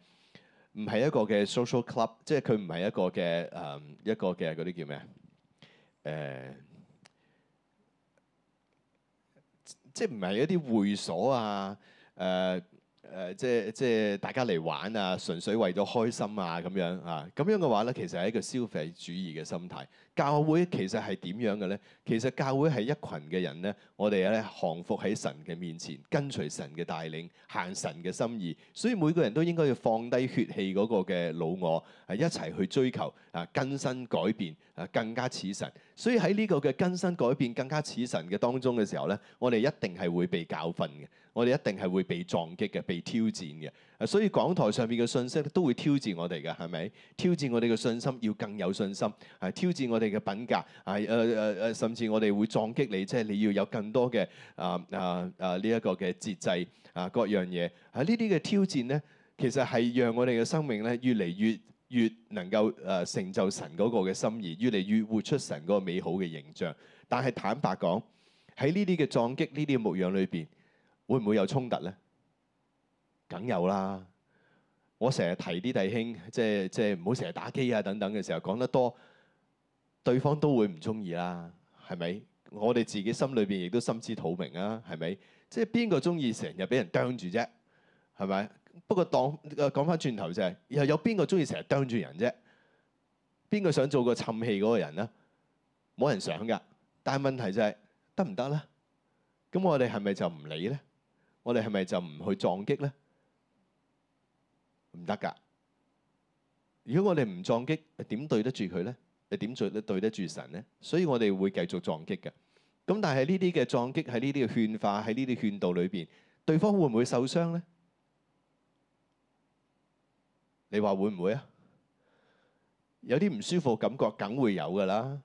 唔係一個嘅 social club，即係佢唔係一個嘅誒、呃、一個嘅嗰啲叫咩啊？誒、呃，即係唔係一啲會所啊？誒、呃。誒，即係即係大家嚟玩啊，純粹為咗開心啊，咁樣啊，咁樣嘅話咧，其實係一個消費主義嘅心態。教會其實係點樣嘅咧？其實教會係一群嘅人咧，我哋咧降服喺神嘅面前，跟隨神嘅帶領，行神嘅心意。所以每個人都應該要放低血氣嗰個嘅老我，係一齊去追求啊更新改變，啊更加似神。所以喺呢個嘅更新改變更加似神嘅當中嘅時候咧，我哋一定係會被教訓嘅，我哋一定係會被撞擊嘅，被挑戰嘅。所以講台上面嘅信息咧，都會挑戰我哋嘅，係咪？挑戰我哋嘅信心，要更有信心，係挑戰我哋嘅品格，係誒誒誒，甚至我哋會撞擊你，即係你要有更多嘅啊啊啊呢一個嘅節制啊各樣嘢。喺呢啲嘅挑戰咧，其實係讓我哋嘅生命咧，越嚟越越能夠誒成就神嗰個嘅心意，越嚟越活出神嗰個美好嘅形象。但係坦白講，喺呢啲嘅撞擊、呢啲嘅模樣裏邊，會唔會有衝突咧？梗有啦！我成日提啲弟兄，即係即係唔好成日打機啊等等嘅時候講得多，對方都會唔中意啦，係咪？我哋自己心裏邊亦都心知肚明啊，係咪？即係邊個中意成日俾人啄住啫？係咪？不過當講翻轉頭就係、是、又有邊個中意成日啄住人啫？邊個想做個氹氣嗰個人咧？冇人想噶。但係問題就係得唔得咧？咁我哋係咪就唔理咧？我哋係咪就唔去撞擊咧？唔得噶！如果我哋唔撞擊，點對得住佢呢？點做對得住神呢？所以我哋會繼續撞擊嘅。咁但係呢啲嘅撞擊喺呢啲嘅勸化喺呢啲勸導裏邊，對方會唔會受傷呢？你話會唔會啊？有啲唔舒服感覺，梗會有噶啦，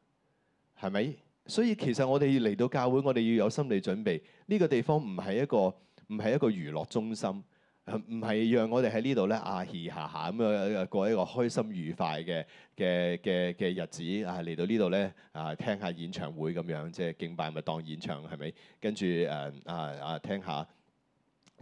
係咪？所以其實我哋嚟到教會，我哋要有心理準備，呢個地方唔係一個唔係一個娛樂中心。唔唔係讓我哋喺呢度咧啊，歇下下咁樣過一個開心愉快嘅嘅嘅嘅日子啊！嚟到呢度咧啊，聽下演唱會咁樣，即係敬拜咪當演唱，係咪？跟住誒啊啊，聽下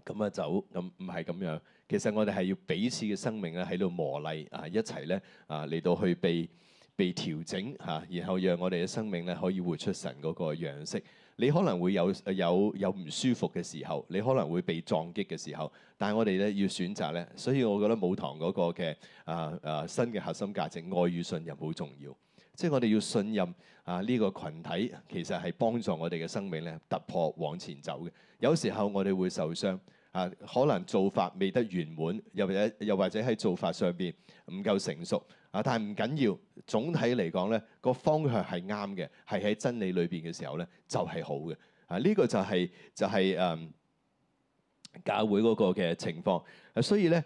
咁啊，走，咁唔係咁樣。其實我哋係要彼此嘅生命咧，喺度磨礪，啊，一齊咧啊嚟到去被被調整吓，啊，然後讓我哋嘅生命咧可以活出神嗰個樣式。你可能會有有有唔舒服嘅時候，你可能會被撞擊嘅時候，但係我哋咧要選擇咧，所以我覺得舞堂嗰個嘅啊啊新嘅核心價值愛與信任好重要，即係我哋要信任啊呢個群體其實係幫助我哋嘅生命咧突破往前走嘅，有時候我哋會受傷。啊，可能做法未得完滿，又或者又或者喺做法上邊唔夠成熟啊，但係唔緊要，總體嚟講咧，個方向係啱嘅，係喺真理裏邊嘅時候咧就係好嘅啊！呢個就係就係誒教會嗰個嘅情況啊，所以咧，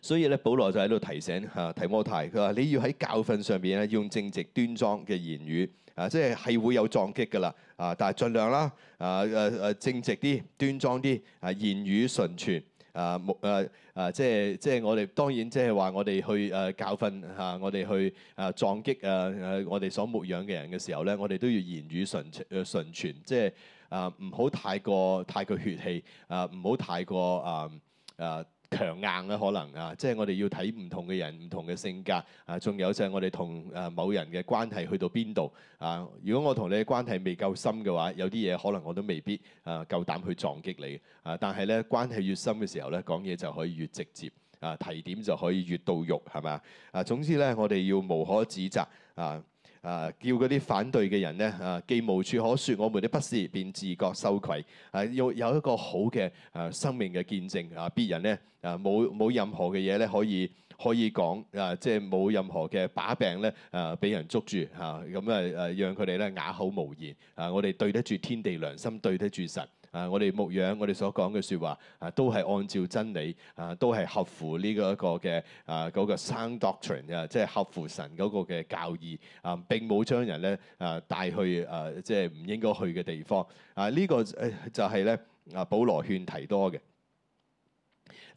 所以咧，保羅就喺度提醒啊提摩太，佢話你要喺教訓上邊咧用正直端莊嘅言語。啊，即係係會有撞擊㗎啦，啊，但係盡量啦，啊，誒、啊、誒正直啲、端莊啲，啊，言語純全，啊，目誒誒，即係即係我哋當然即係話我哋去誒、呃、教訓嚇、啊、我哋去啊撞擊啊誒我哋所牧養嘅人嘅時候咧，我哋都要言語純純全，即係啊唔好太過太過血氣，啊唔好太過啊啊。啊強硬咧、啊，可能啊，即係我哋要睇唔同嘅人、唔同嘅性格啊，仲有就係我哋同誒某人嘅關係去到邊度啊。如果我同你嘅關係未夠深嘅話，有啲嘢可能我都未必啊夠膽去撞擊你啊。但係咧，關係越深嘅時候咧，講嘢就可以越直接啊，提點就可以越到肉，係咪啊？啊，總之咧，我哋要無可指責啊。啊！叫嗰啲反對嘅人咧，啊，既無處可説我們的不是，便自覺羞愧。啊，要有一個好嘅啊生命嘅見證啊，別人咧啊冇冇任何嘅嘢咧可以可以講啊，即係冇任何嘅把柄咧啊，俾人捉住嚇，咁啊啊，讓佢哋咧啞口無言啊！我哋對得住天地良心，對得住神。啊、uh！我哋牧養我哋所講嘅説話，啊都係按照真理，啊都係合乎呢個一個嘅啊嗰，那個 sound doctrine 嘅，啊，即係合乎神嗰個嘅教義，啊並冇將人咧啊帶去啊即係唔應該去嘅地方，啊呢，這個就係咧啊保羅勸提多嘅。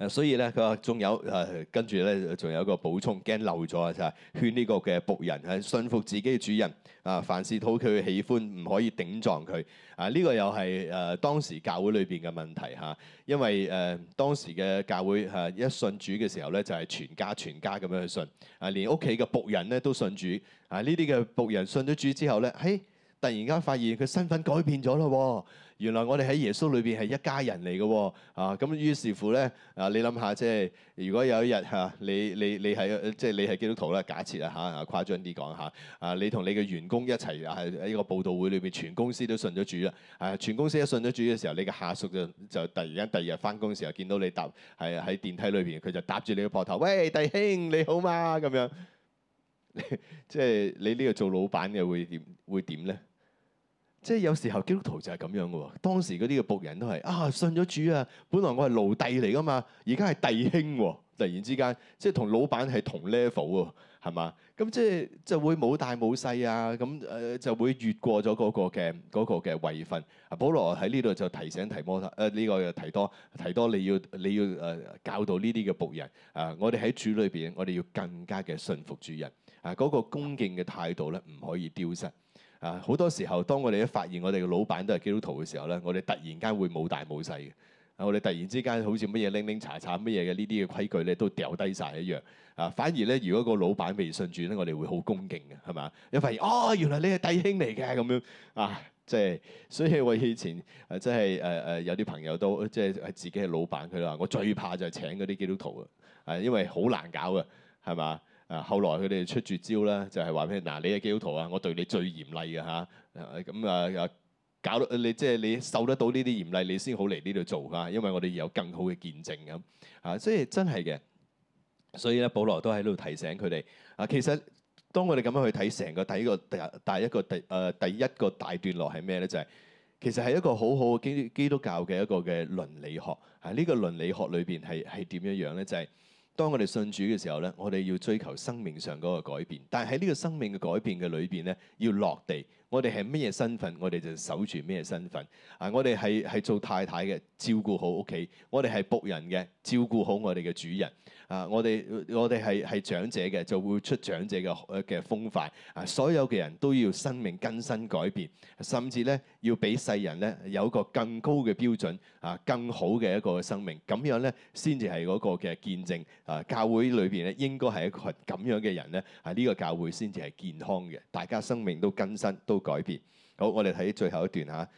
所以咧，佢話仲有誒，跟住咧仲有一個補充，驚漏咗、就是、啊！就係勸呢個嘅僕人係信服自己嘅主人，啊，凡事討佢喜歡，唔可以頂撞佢。啊，呢、這個又係誒當時教會裏邊嘅問題嚇、啊，因為誒、啊、當時嘅教會嚇、啊、一信主嘅時候咧，就係、是、全家全家咁樣去信，啊，連屋企嘅僕人咧都信主。啊，呢啲嘅僕人信咗主之後咧，嘿、哎。突然間發現佢身份改變咗咯，原來我哋喺耶穌裏邊係一家人嚟嘅，啊咁於是乎咧，啊你諗下，即係如果有一日嚇、啊、你你你係即係你係基督徒咧，假設啊嚇誇張啲講下，啊你同你嘅員工一齊喺喺個佈道會裏邊，全公司都信咗主啊，啊全公司都信咗主嘅時候，你嘅下屬就就突然間第二日翻工嘅時候，見到你搭係喺電梯裏邊，佢就搭住你嘅膊頭，喂弟兄你好嘛咁樣，即係你呢個做老闆嘅會點會點咧？即係有時候基督徒就係咁樣嘅喎，當時嗰啲嘅僕人都係啊信咗主啊，本來我係奴隸嚟噶嘛，而家係弟兄喎、啊，突然之間即係同老闆係同 level 喎，係嘛？咁即係就會冇大冇細啊，咁誒就會越過咗嗰、嗰個嘅嗰個嘅位分。啊，保羅喺呢度就提醒提摩太，呢、呃這個又提多提多你，你要你要誒教導呢啲嘅僕人啊，我哋喺主裏邊，我哋要更加嘅信服主人啊，嗰、嗰個恭敬嘅態度咧唔可以丟失。啊！好多時候，當我哋一發現我哋嘅老闆都係基督徒嘅時候咧，我哋突然間會冇大冇細嘅。啊！我哋突然之間好似乜嘢拎拎查查乜嘢嘅呢啲嘅規矩咧，都掉低晒一樣。啊！反而咧，如果個老闆未信主咧，我哋會好恭敬嘅，係嘛？一發現哦，原來你係弟兄嚟嘅咁樣啊！即係所以我以前誒即係誒誒有啲朋友都即係自己係老闆，佢話我最怕就係請嗰啲基督徒啊，因為好難搞嘅，係嘛？啊！後來佢哋出絕招啦，就係話咩？嗱，你係基督徒啊，我對你最嚴厲嘅嚇。咁啊、嗯、啊，搞到你即係、就是、你受得到呢啲嚴厲，你先好嚟呢度做嚇，因為我哋有更好嘅見證咁嚇。即係真係嘅，所以咧，保羅都喺度提醒佢哋啊。其實當我哋咁樣去睇成個第一個第一個第誒、呃、第一個大段落係咩咧？就係、是、其實係一個好好基基督教嘅一個嘅倫理學啊。呢、這個倫理學裏邊係係點樣樣咧？就係、是。當我哋信主嘅時候咧，我哋要追求生命上嗰個改變。但係喺呢個生命嘅改變嘅裏邊咧，要落地。我哋係咩身份，我哋就守住咩身份。啊，我哋係係做太太嘅，照顧好屋企；我哋係僕人嘅，照顧好我哋嘅主人。啊！我哋我哋係係長者嘅，就會出長者嘅嘅風範啊！所有嘅人都要生命更新改變，甚至咧要俾世人咧有一個更高嘅標準啊，更好嘅一個生命咁樣咧，先至係嗰個嘅見證啊！教會裏邊咧應該係一群咁樣嘅人咧，啊、這、呢個教會先至係健康嘅，大家生命都更新都改變。好，我哋睇最後一段嚇。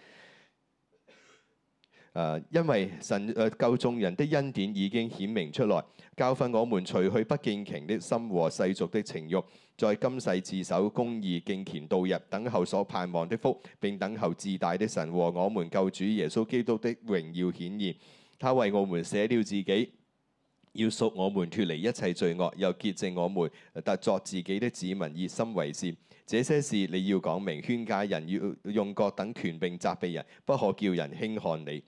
誒，因為神誒、呃、救眾人的恩典已經顯明出來，教訓我們除去不敬虔的心和世俗的情慾，在今世自守公義敬虔度日，等候所盼望的福，並等候至大的神和我們救主耶穌基督的榮耀顯現。他為我們捨了自己，要贖我們脱離一切罪惡，又潔淨我們，特作自己的子民，熱心為善。這些事你要講明，勸戒人要用各等權柄責備人，不可叫人輕看你。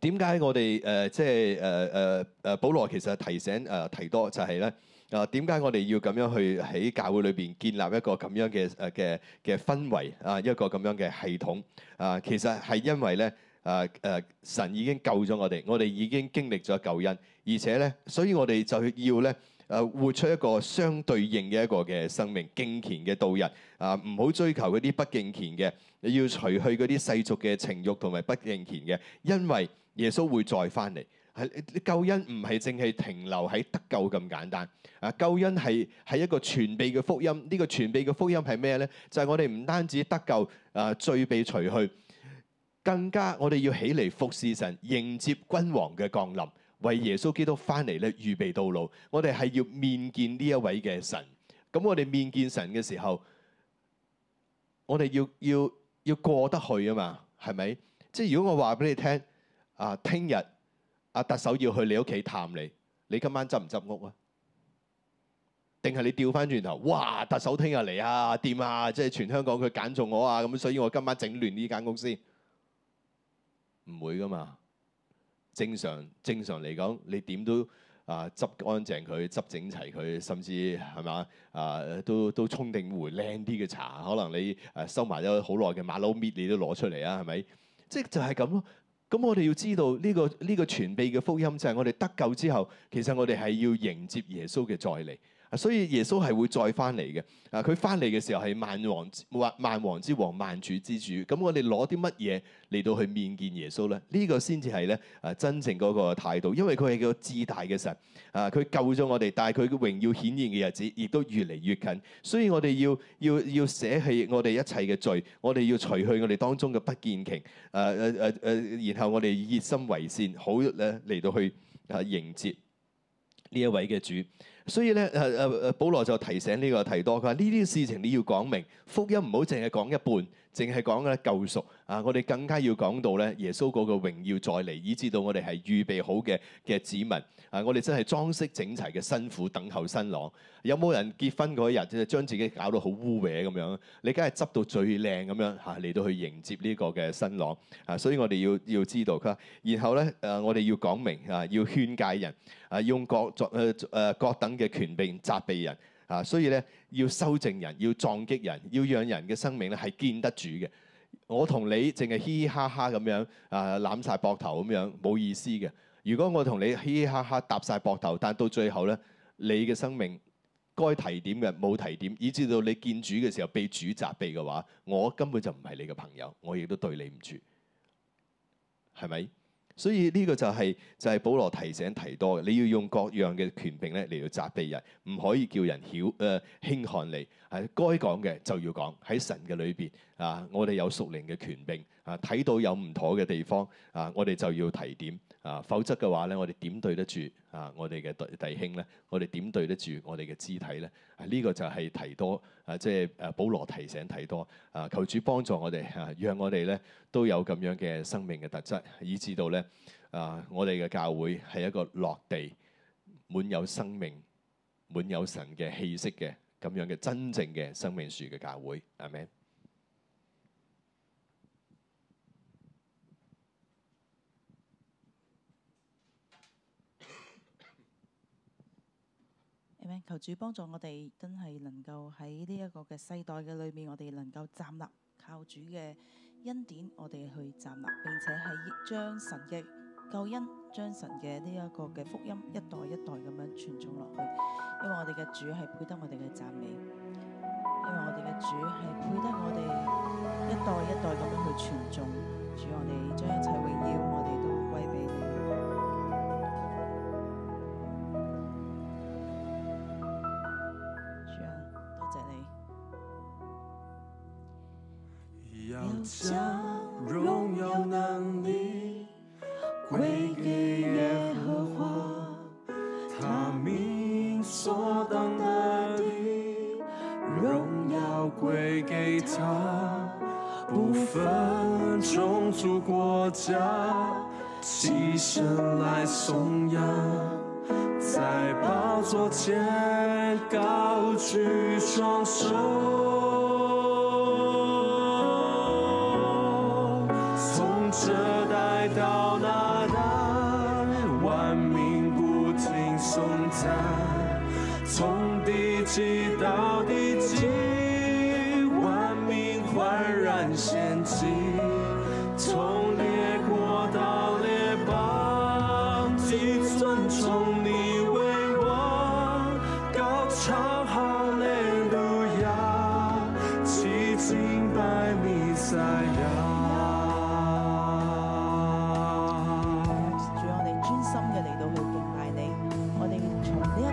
點解，我哋誒，即係誒誒誒，保羅其實提醒，誒，提多就係咧啊，點解我哋要咁樣去喺教會裏邊建立一個咁樣嘅誒，嘅嘅氛圍啊，一個咁樣嘅系統啊？其實係因為咧啊，誒神已經救咗我哋，我哋已經經歷咗救恩，而且咧，所以我哋就要咧誒，活出一個相對應嘅一個嘅生命，敬虔嘅度日啊，唔好追求嗰啲不敬虔嘅，要除去嗰啲世俗嘅情慾同埋不敬虔嘅，因為。耶穌會再翻嚟，係救恩唔係淨係停留喺得救咁簡單，啊救恩係係一個傳祕嘅福音，呢、這個傳祕嘅福音係咩咧？就係、是、我哋唔單止得救，啊罪被除去，更加我哋要起嚟服侍神，迎接君王嘅降臨，為耶穌基督翻嚟咧預備道路。我哋係要面見呢一位嘅神，咁我哋面見神嘅時候，我哋要要要過得去啊嘛，係咪？即係如果我話俾你聽。啊，聽日阿特首要去你屋企探你，你今晚執唔執屋啊？定係你調翻轉頭，哇！特首聽日嚟啊，掂啊！即係全香港佢揀中我啊，咁所以我今晚整亂呢間公司，唔會㗎嘛。正常正常嚟講，你點都啊執乾淨佢，執整齊佢，甚至係咪？啊都都沖定杯靚啲嘅茶，可能你誒、啊、收埋咗好耐嘅馬騮搣，你都攞出嚟啊？係咪？即係就係咁咯。咁我哋要知道呢、這個呢、這個傳秘嘅福音就係我哋得救之後，其實我哋係要迎接耶穌嘅再嚟。所以耶穌係會再翻嚟嘅。啊，佢翻嚟嘅時候係萬王之萬王之王、萬主之主。咁我哋攞啲乜嘢嚟到去面見耶穌咧？呢、這個先至係咧啊，真正嗰個態度。因為佢係個至大嘅神啊，佢救咗我哋，但係佢嘅榮耀顯現嘅日子亦都越嚟越近。所以我哋要要要捨棄我哋一切嘅罪，我哋要除去我哋當中嘅不敬虔。誒誒誒誒，然後我哋熱心為善，好咧嚟、啊、到去啊迎接呢一位嘅主。所以咧，誒誒誒，保羅就提醒呢個提多，佢話呢啲事情你要講明，福音唔好淨係講一半，淨係講咧救贖。啊，我哋更加要講到咧，耶穌嗰個榮耀再嚟，以致到我哋係預備好嘅嘅子民。啊，我哋真係裝飾整齊嘅辛苦等候新郎。有冇人結婚嗰一日將自己搞到好污穢咁樣？你梗係執到最靚咁樣嚇嚟到去迎接呢個嘅新郎。啊，所以我哋要要知道佢。然後咧，誒我哋要講明啊，要勸戒人啊，用各作誒誒各等。嘅權柄責備人啊，所以咧要修正人，要撞擊人，要讓人嘅生命咧係見得主嘅。我同你淨係嘻嘻哈哈咁樣啊攬晒膊頭咁樣冇意思嘅。如果我同你嘻嘻哈哈搭晒膊頭，但到最後咧，你嘅生命該提點嘅冇提點，以至到你見主嘅時候被主責備嘅話，我根本就唔係你嘅朋友，我亦都對你唔住，係咪？所以呢個就係、是、就係、是、保羅提醒提多嘅，你要用各樣嘅權柄咧嚟到責備人，唔可以叫人曉誒、呃、輕看你。係、啊、該講嘅就要講，喺神嘅裏邊啊，我哋有屬靈嘅權柄啊，睇到有唔妥嘅地方啊，我哋就要提點。啊，否則嘅話咧，我哋點對得住啊，我哋嘅弟兄咧，我哋點對得住我哋嘅肢體咧？呢個就係提多啊，即係誒保羅提醒提多啊，求主幫助我哋啊，讓我哋咧都有咁樣嘅生命嘅特質，以至到咧啊，我哋嘅教會係一個落地滿有生命、滿有神嘅氣息嘅咁樣嘅真正嘅生命樹嘅教會，阿門。求主幫助我哋，真係能夠喺呢一個嘅世代嘅裏面，我哋能夠站立靠主嘅恩典，我哋去站立，並且係將神嘅救恩、將神嘅呢一個嘅福音一代一代咁樣傳頌落去。因為我哋嘅主係配得我哋嘅讚美，因為我哋嘅主係配得我哋一代一代咁樣去傳頌，主我哋將一切榮耀我哋。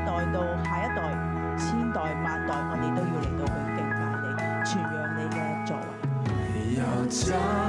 代到下一代，千代萬代，我哋都要嚟到去敬拜你，你，傳揚你嘅作為。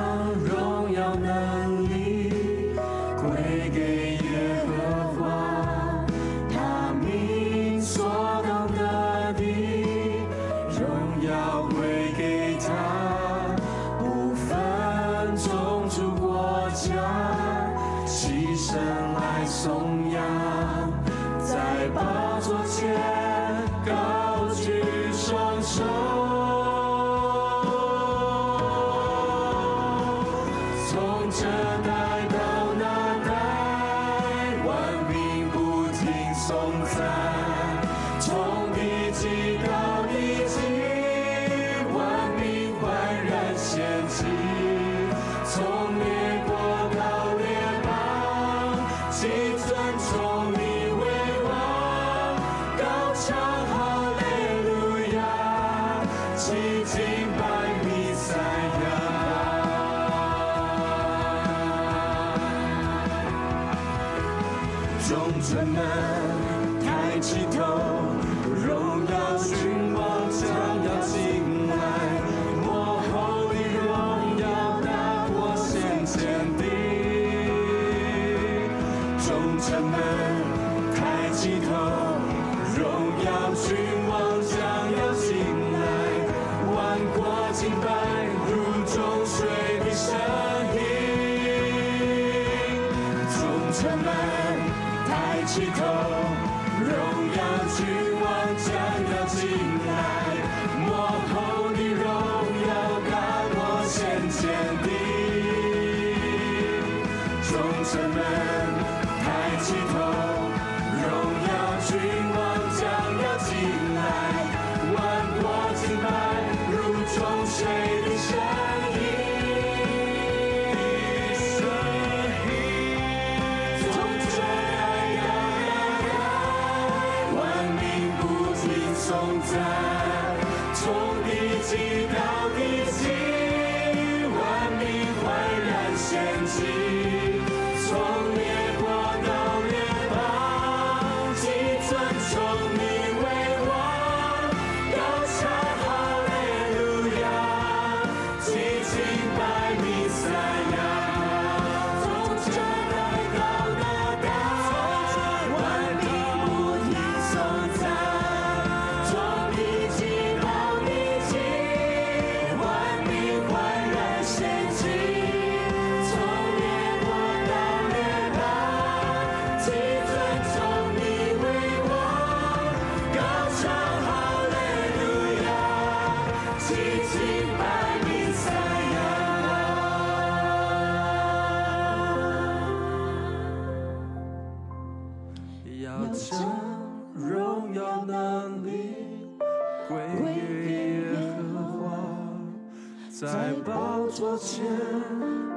昨天、啊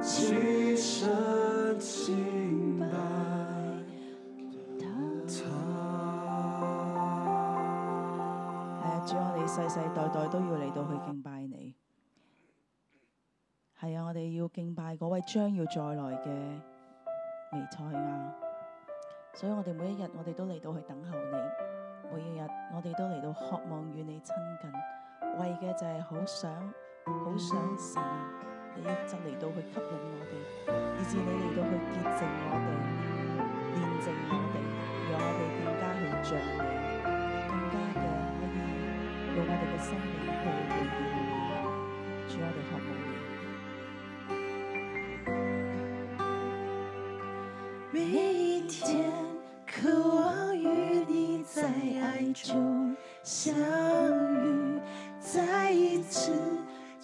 啊、主，我哋世世代代都要嚟到去敬拜你。係啊，我哋要敬拜嗰位將要再來嘅彌賽亞。所以我哋每一日，我哋都嚟到去等候你。每一日，我哋都嚟到渴望與你親近，為嘅就係好想。好想神，你就嚟到去吸引我哋，以至你嚟到去潔淨我哋、煉淨我哋，讓我哋更加去像你，更加嘅可以用我哋嘅生命去回應你，主，我哋渴望你。每一天渴望與你在愛中相遇，再一次。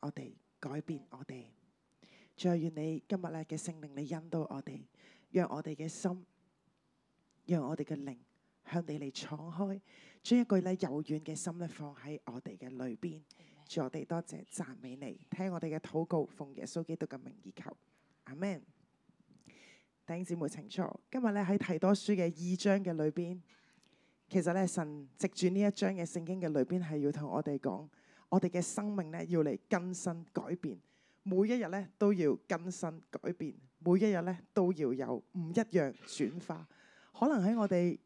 我哋改變我哋，再願你今日咧嘅聖靈，你引導我哋，讓我哋嘅心，讓我哋嘅靈向你嚟敞開，將一句咧柔軟嘅心咧放喺我哋嘅裏邊。我哋多謝讚美你，聽我哋嘅禱告，奉耶穌基督嘅名而求，阿門，弟兄姊妹，請坐。今日咧喺提多書嘅二章嘅裏邊，其實咧神藉住呢一章嘅聖經嘅裏邊係要同我哋講。我哋嘅生命咧，要嚟更新改變，每一日咧都要更新改變，每一日咧都要有唔一樣轉化。可能喺我哋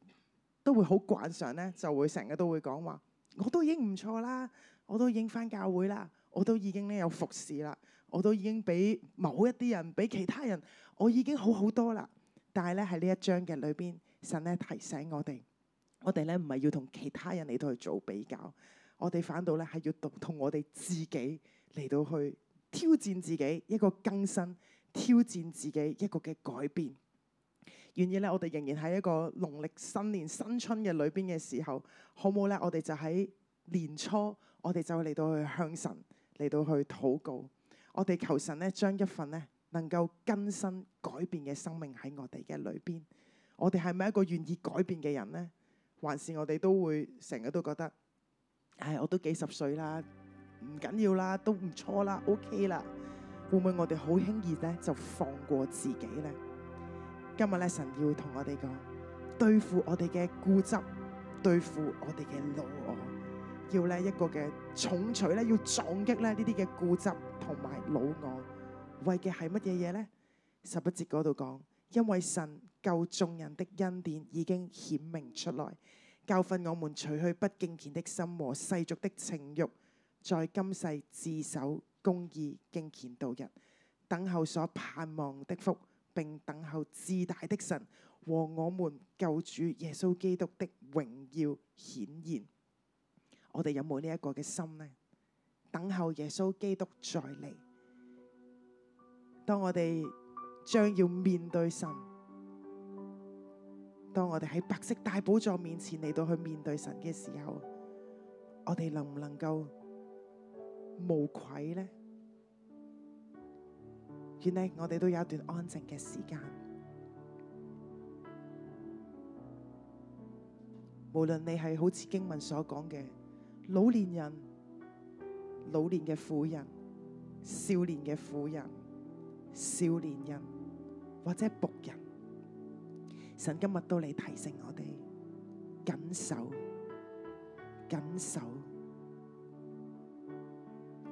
都會好慣常咧，就會成日都會講話，我都已經唔錯啦，我都已經返教會啦，我都已經咧有服侍啦，我都已經比某一啲人，比其他人，我已經好好多啦。但係咧喺呢一章嘅裏邊，神咧提醒我哋，我哋咧唔係要同其他人嚟到去做比較。我哋反倒咧係要同同我哋自己嚟到去挑戰自己一個更新，挑戰自己一個嘅改變。願意咧，我哋仍然喺一個農曆新年新春嘅裏邊嘅時候，好唔好咧？我哋就喺年初，我哋就嚟到去向神嚟到去禱告，我哋求神咧將一份呢能夠更新改變嘅生命喺我哋嘅裏邊。我哋係咪一個願意改變嘅人呢？還是我哋都會成日都覺得？唉，我都幾十歲啦，唔緊要啦，都唔錯啦，OK 啦。會唔會我哋好輕易咧就放過自己呢？今日咧神要同我哋講，對付我哋嘅固執，對付我哋嘅老我，要呢一個嘅重錘咧，要撞擊咧呢啲嘅固執同埋老我，為嘅係乜嘢嘢呢？十一節嗰度講，因為神救眾人的恩典已經顯明出來。教訓我們除去不敬虔的心和世俗的情慾，在今世自守公義敬虔度日，等候所盼望的福，並等候至大的神和我們救主耶穌基督的榮耀顯現。我哋有冇呢一個嘅心呢？等候耶穌基督再嚟。當我哋將要面對神。當我哋喺白色大寶座面前嚟到去面對神嘅時候，我哋能唔能夠無愧呢？原來我哋都有一段安靜嘅時間。無論你係好似經文所講嘅老年人、老年嘅婦人、少年嘅婦人、少年人、少年人或者僕人，神今日都嚟提醒我哋謹守謹守，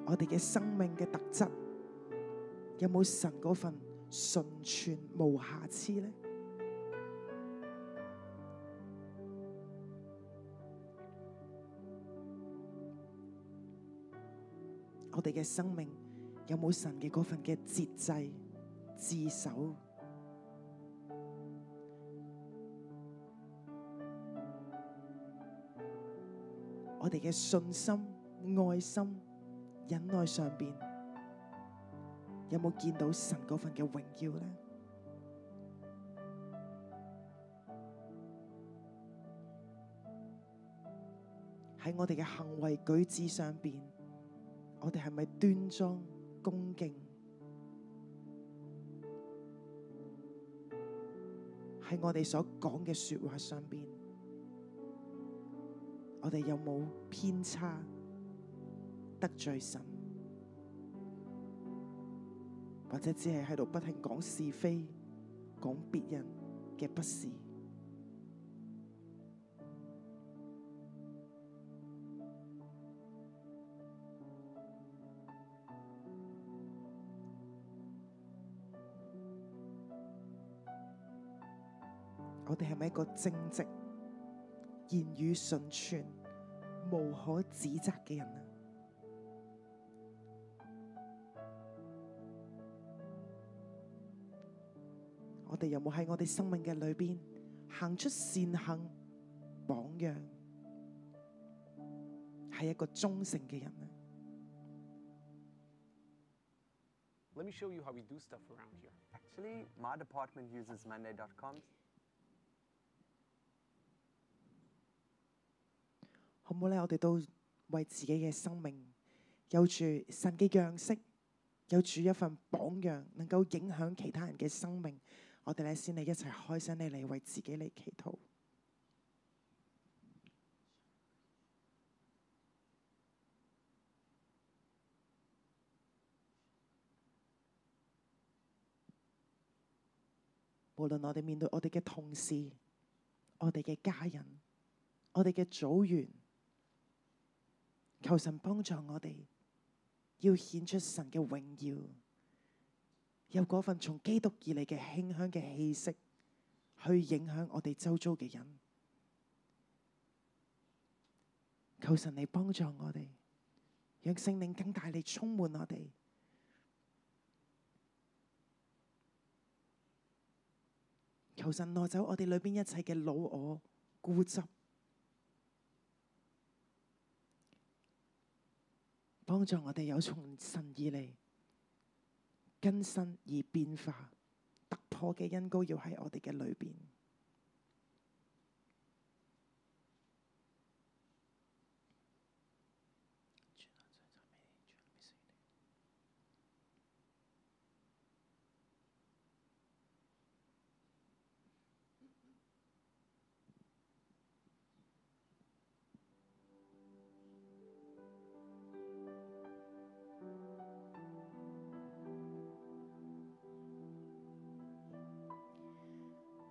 我哋嘅生命嘅特質有冇神嗰份純全無瑕疵咧？我哋嘅生命有冇神嘅嗰份嘅節制自守？我哋嘅信心、愛心、忍耐上邊，有冇見到神嗰份嘅榮耀呢？喺我哋嘅行為舉止上邊，我哋係咪端莊恭敬？喺我哋所講嘅說話上邊？我哋有冇偏差得罪神，或者只係喺度不停講是非、講別人嘅不是？我哋係咪一個正直？言語純全、無可指責嘅人啊！我哋有冇喺我哋生命嘅裏邊行出善行榜樣？係一個忠誠嘅人咧。咁好咧？我哋都為自己嘅生命有住神嘅樣式，有住一份榜樣，能夠影響其他人嘅生命。我哋咧先嚟一齊開聲咧嚟為自己嚟祈禱。 無論我哋面對我哋嘅同事、我哋嘅家人、我哋嘅組員。求神幫助我哋，要顯出神嘅榮耀，有嗰份從基督而嚟嘅馨香嘅氣息，去影響我哋周遭嘅人。求神你幫助我哋，讓聖靈更大地充滿我哋。求神挪走我哋裏邊一切嘅老我固執。幫助我哋有從神而嚟、更新而變化、突破嘅恩膏，要喺我哋嘅裏邊。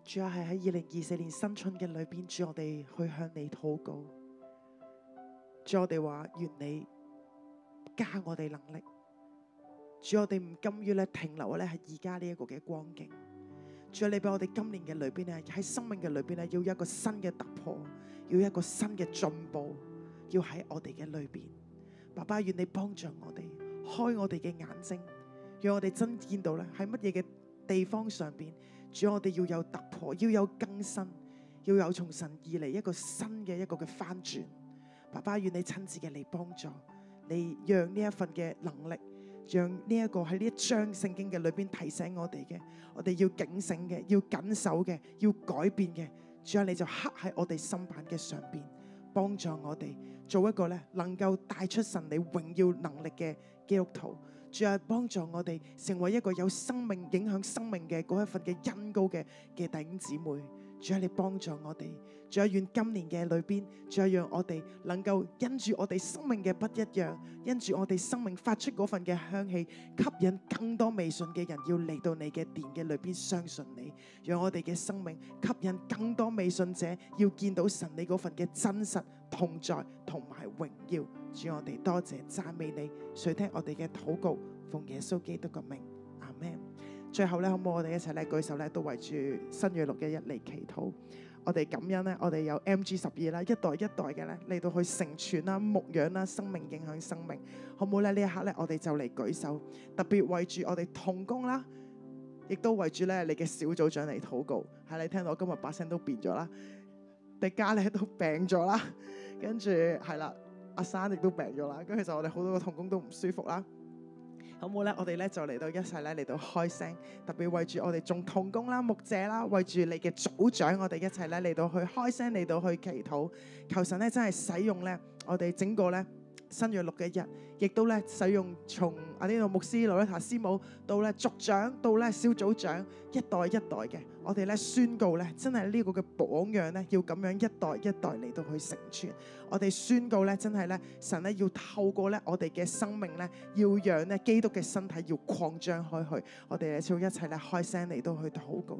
主要，係喺二零二四年新春嘅裏邊，主我哋去向你禱告，主我哋話願你加我哋能力，主要我哋唔甘於咧停留咧係而家呢一個嘅光景，主要你俾我哋今年嘅裏邊咧，喺生命嘅裏邊咧，要有一個新嘅突破，要有一個新嘅進步，要喺我哋嘅裏邊，爸爸願你幫助我哋開我哋嘅眼睛，讓我哋真見到咧喺乜嘢嘅地方上邊。主啊，我哋要有突破，要有更新，要有從神以嚟，一個新嘅一個嘅翻轉。爸爸，願你親自嘅嚟幫助，你讓呢一份嘅能力，讓呢一個喺呢一章聖經嘅裏邊提醒我哋嘅，我哋要警醒嘅，要謹守嘅，要改變嘅。主啊，你就刻喺我哋心版嘅上邊，幫助我哋做一個咧能夠帶出神你榮耀能力嘅基督徒。著係幫助我哋成為一個有生命影響生命嘅嗰一份嘅恩膏嘅嘅弟兄姊妹。主啊，你幫助我哋，主啊，願今年嘅裏邊，再啊，讓我哋能夠因住我哋生命嘅不一樣，因住我哋生命發出嗰份嘅香氣，吸引更多未信嘅人要嚟到你嘅殿嘅裏邊相信你，讓我哋嘅生命吸引更多未信者要見到神你嗰份嘅真實同在同埋榮耀。主，我哋多謝讚美你，垂聽我哋嘅禱告，奉耶穌基督嘅名。最後咧，好唔好我哋一齊咧舉手咧，都為住新銳六一一嚟祈禱？我哋感恩咧，我哋有 M G 十二啦，一代一代嘅咧嚟到去成全啦、牧養啦、生命影響生命，好唔好咧？呢一刻咧，我哋就嚟舉手，特別為住我哋同工啦，亦都為住咧你嘅小組長嚟禱告。係你聽到今日把聲都變咗啦，迪嘉咧都病咗啦，跟住係啦，阿珊亦都病咗啦，跟住就我哋好多個同工都唔舒服啦。好冇咧？我哋咧就嚟到一齊咧嚟到開聲，特別為住我哋眾同工啦、牧者啦，為住你嘅組長，我哋一齊咧嚟到去開聲，嚟到去祈禱，求神呢真係使用呢，我哋整個呢。新約六嘅日，亦都咧使用從阿呢個牧師老咧阿師母到咧族長到咧小組長，一代一代嘅，我哋咧宣告咧真係呢個嘅榜樣咧要咁樣一代一代嚟到去成全。我哋宣告咧真係咧神咧要透過咧我哋嘅生命咧要讓咧基督嘅身體要擴張開去。我哋咧就一齊咧開聲嚟到去禱告。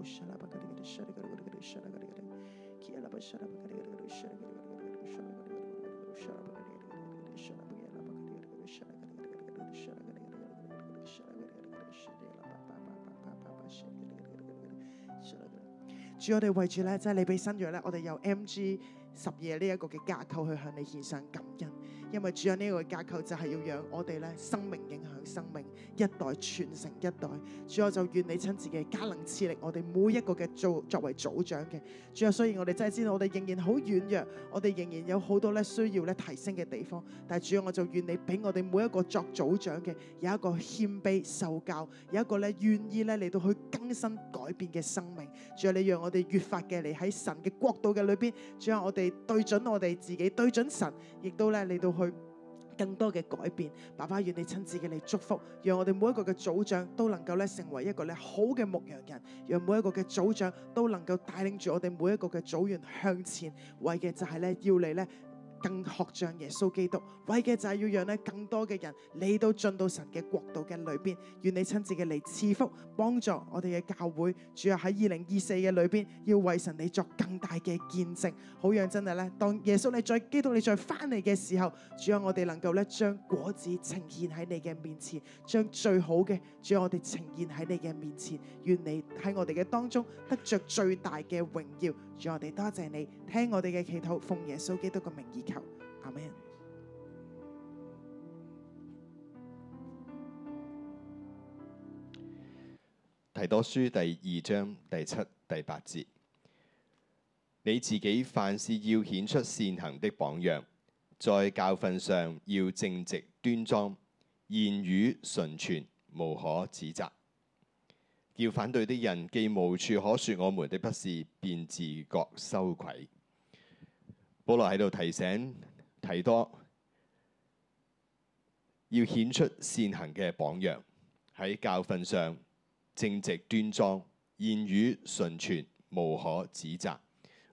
主，我哋為住咧，即係你俾新約咧，我哋有 M G 十二呢一個嘅架構去向你獻上感恩。因為主有呢個架構，就係要讓我哋咧生命影響生命，一代傳承一代。主啊，就願你親自嘅加能賜力，我哋每一個嘅做作為組長嘅。主啊，所以我哋真係知道，我哋仍然好軟弱，我哋仍然有好多咧需要咧提升嘅地方。但係主啊，我就願你俾我哋每一個作組長嘅有一個謙卑受教，有一個咧願意咧嚟到去更新改變嘅生命。主啊，你讓我哋越發嘅嚟喺神嘅國度嘅裏邊。主啊，我哋對準我哋自己，對準神，亦都咧嚟到。去更多嘅改變，爸爸願你親自嘅嚟祝福，讓我哋每一個嘅組長都能夠咧成為一個咧好嘅牧羊人，讓每一個嘅組長都能夠帶領住我哋每一個嘅組員向前，為嘅就係咧要你咧。更學像耶穌基督，為嘅就係要讓咧更多嘅人你都進到神嘅國度嘅裏邊。願你親自嘅嚟賜福幫助我哋嘅教會。主要喺二零二四嘅裏邊，要為神你作更大嘅見證，好讓真係咧，當耶穌你再基督你再翻嚟嘅時候，主要我哋能夠咧將果子呈現喺你嘅面前，將最好嘅主要我哋呈現喺你嘅面前，願你喺我哋嘅當中得着最大嘅榮耀。讓我哋多謝你聽我哋嘅祈禱，奉耶穌基督嘅名以求，阿門。提多書第二章第七、第八節，你自己凡事要顯出善行的榜樣，在教訓上要正直端莊，言語純全，無可指責。要反對的人既無處可說我們的不是，便自覺羞愧。保羅喺度提醒提多，要顯出善行嘅榜樣，喺教訓上正直端莊，言語純全，無可指責。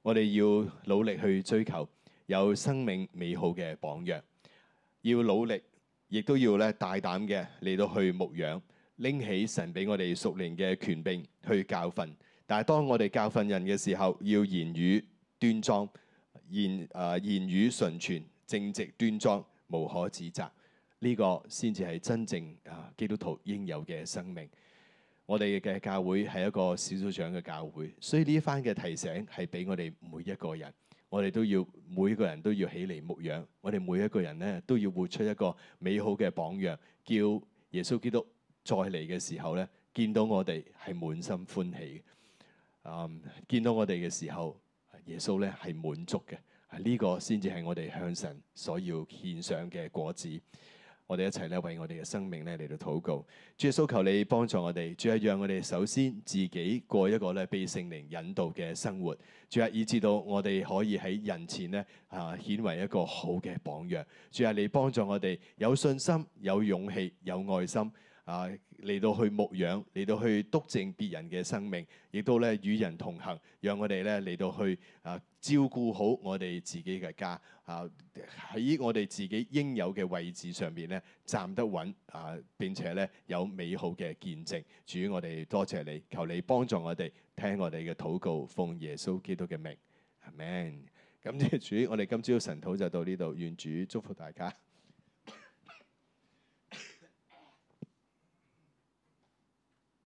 我哋要努力去追求有生命美好嘅榜樣，要努力，亦都要咧大膽嘅嚟到去牧養。拎起神俾我哋熟練嘅權柄去教訓，但係當我哋教訓人嘅時候，要言語端莊，言誒、呃、言語純全、正直、端莊、無可指責，呢、這個先至係真正啊基督徒應有嘅生命。我哋嘅教會係一個小組長嘅教會，所以呢一番嘅提醒係俾我哋每一個人，我哋都要每一個人都要起嚟牧養，我哋每一個人咧都要活出一個美好嘅榜樣，叫耶穌基督。再嚟嘅時候咧，見到我哋係滿心歡喜嘅、嗯。見到我哋嘅時候，耶穌咧係滿足嘅。呢個先至係我哋向神所要獻上嘅果子。我哋一齊咧為我哋嘅生命咧嚟到禱告。主耶穌，求你幫助我哋。主啊，讓我哋首先自己過一個咧被聖靈引導嘅生活。主啊，以至到我哋可以喺人前咧啊顯為一個好嘅榜樣。主啊，你幫助我哋有信心、有勇氣、有愛心。啊，嚟到去牧養，嚟到去督正別人嘅生命，亦都咧與人同行，讓我哋咧嚟到去啊照顧好我哋自己嘅家啊，喺我哋自己應有嘅位置上面咧站得穩啊，並且咧有美好嘅見證。主，我哋多謝你，求你幫助我哋，聽我哋嘅禱告，奉耶穌基督嘅名。amen。咁即係主，我哋今朝晨禱就到呢度，願主祝福大家。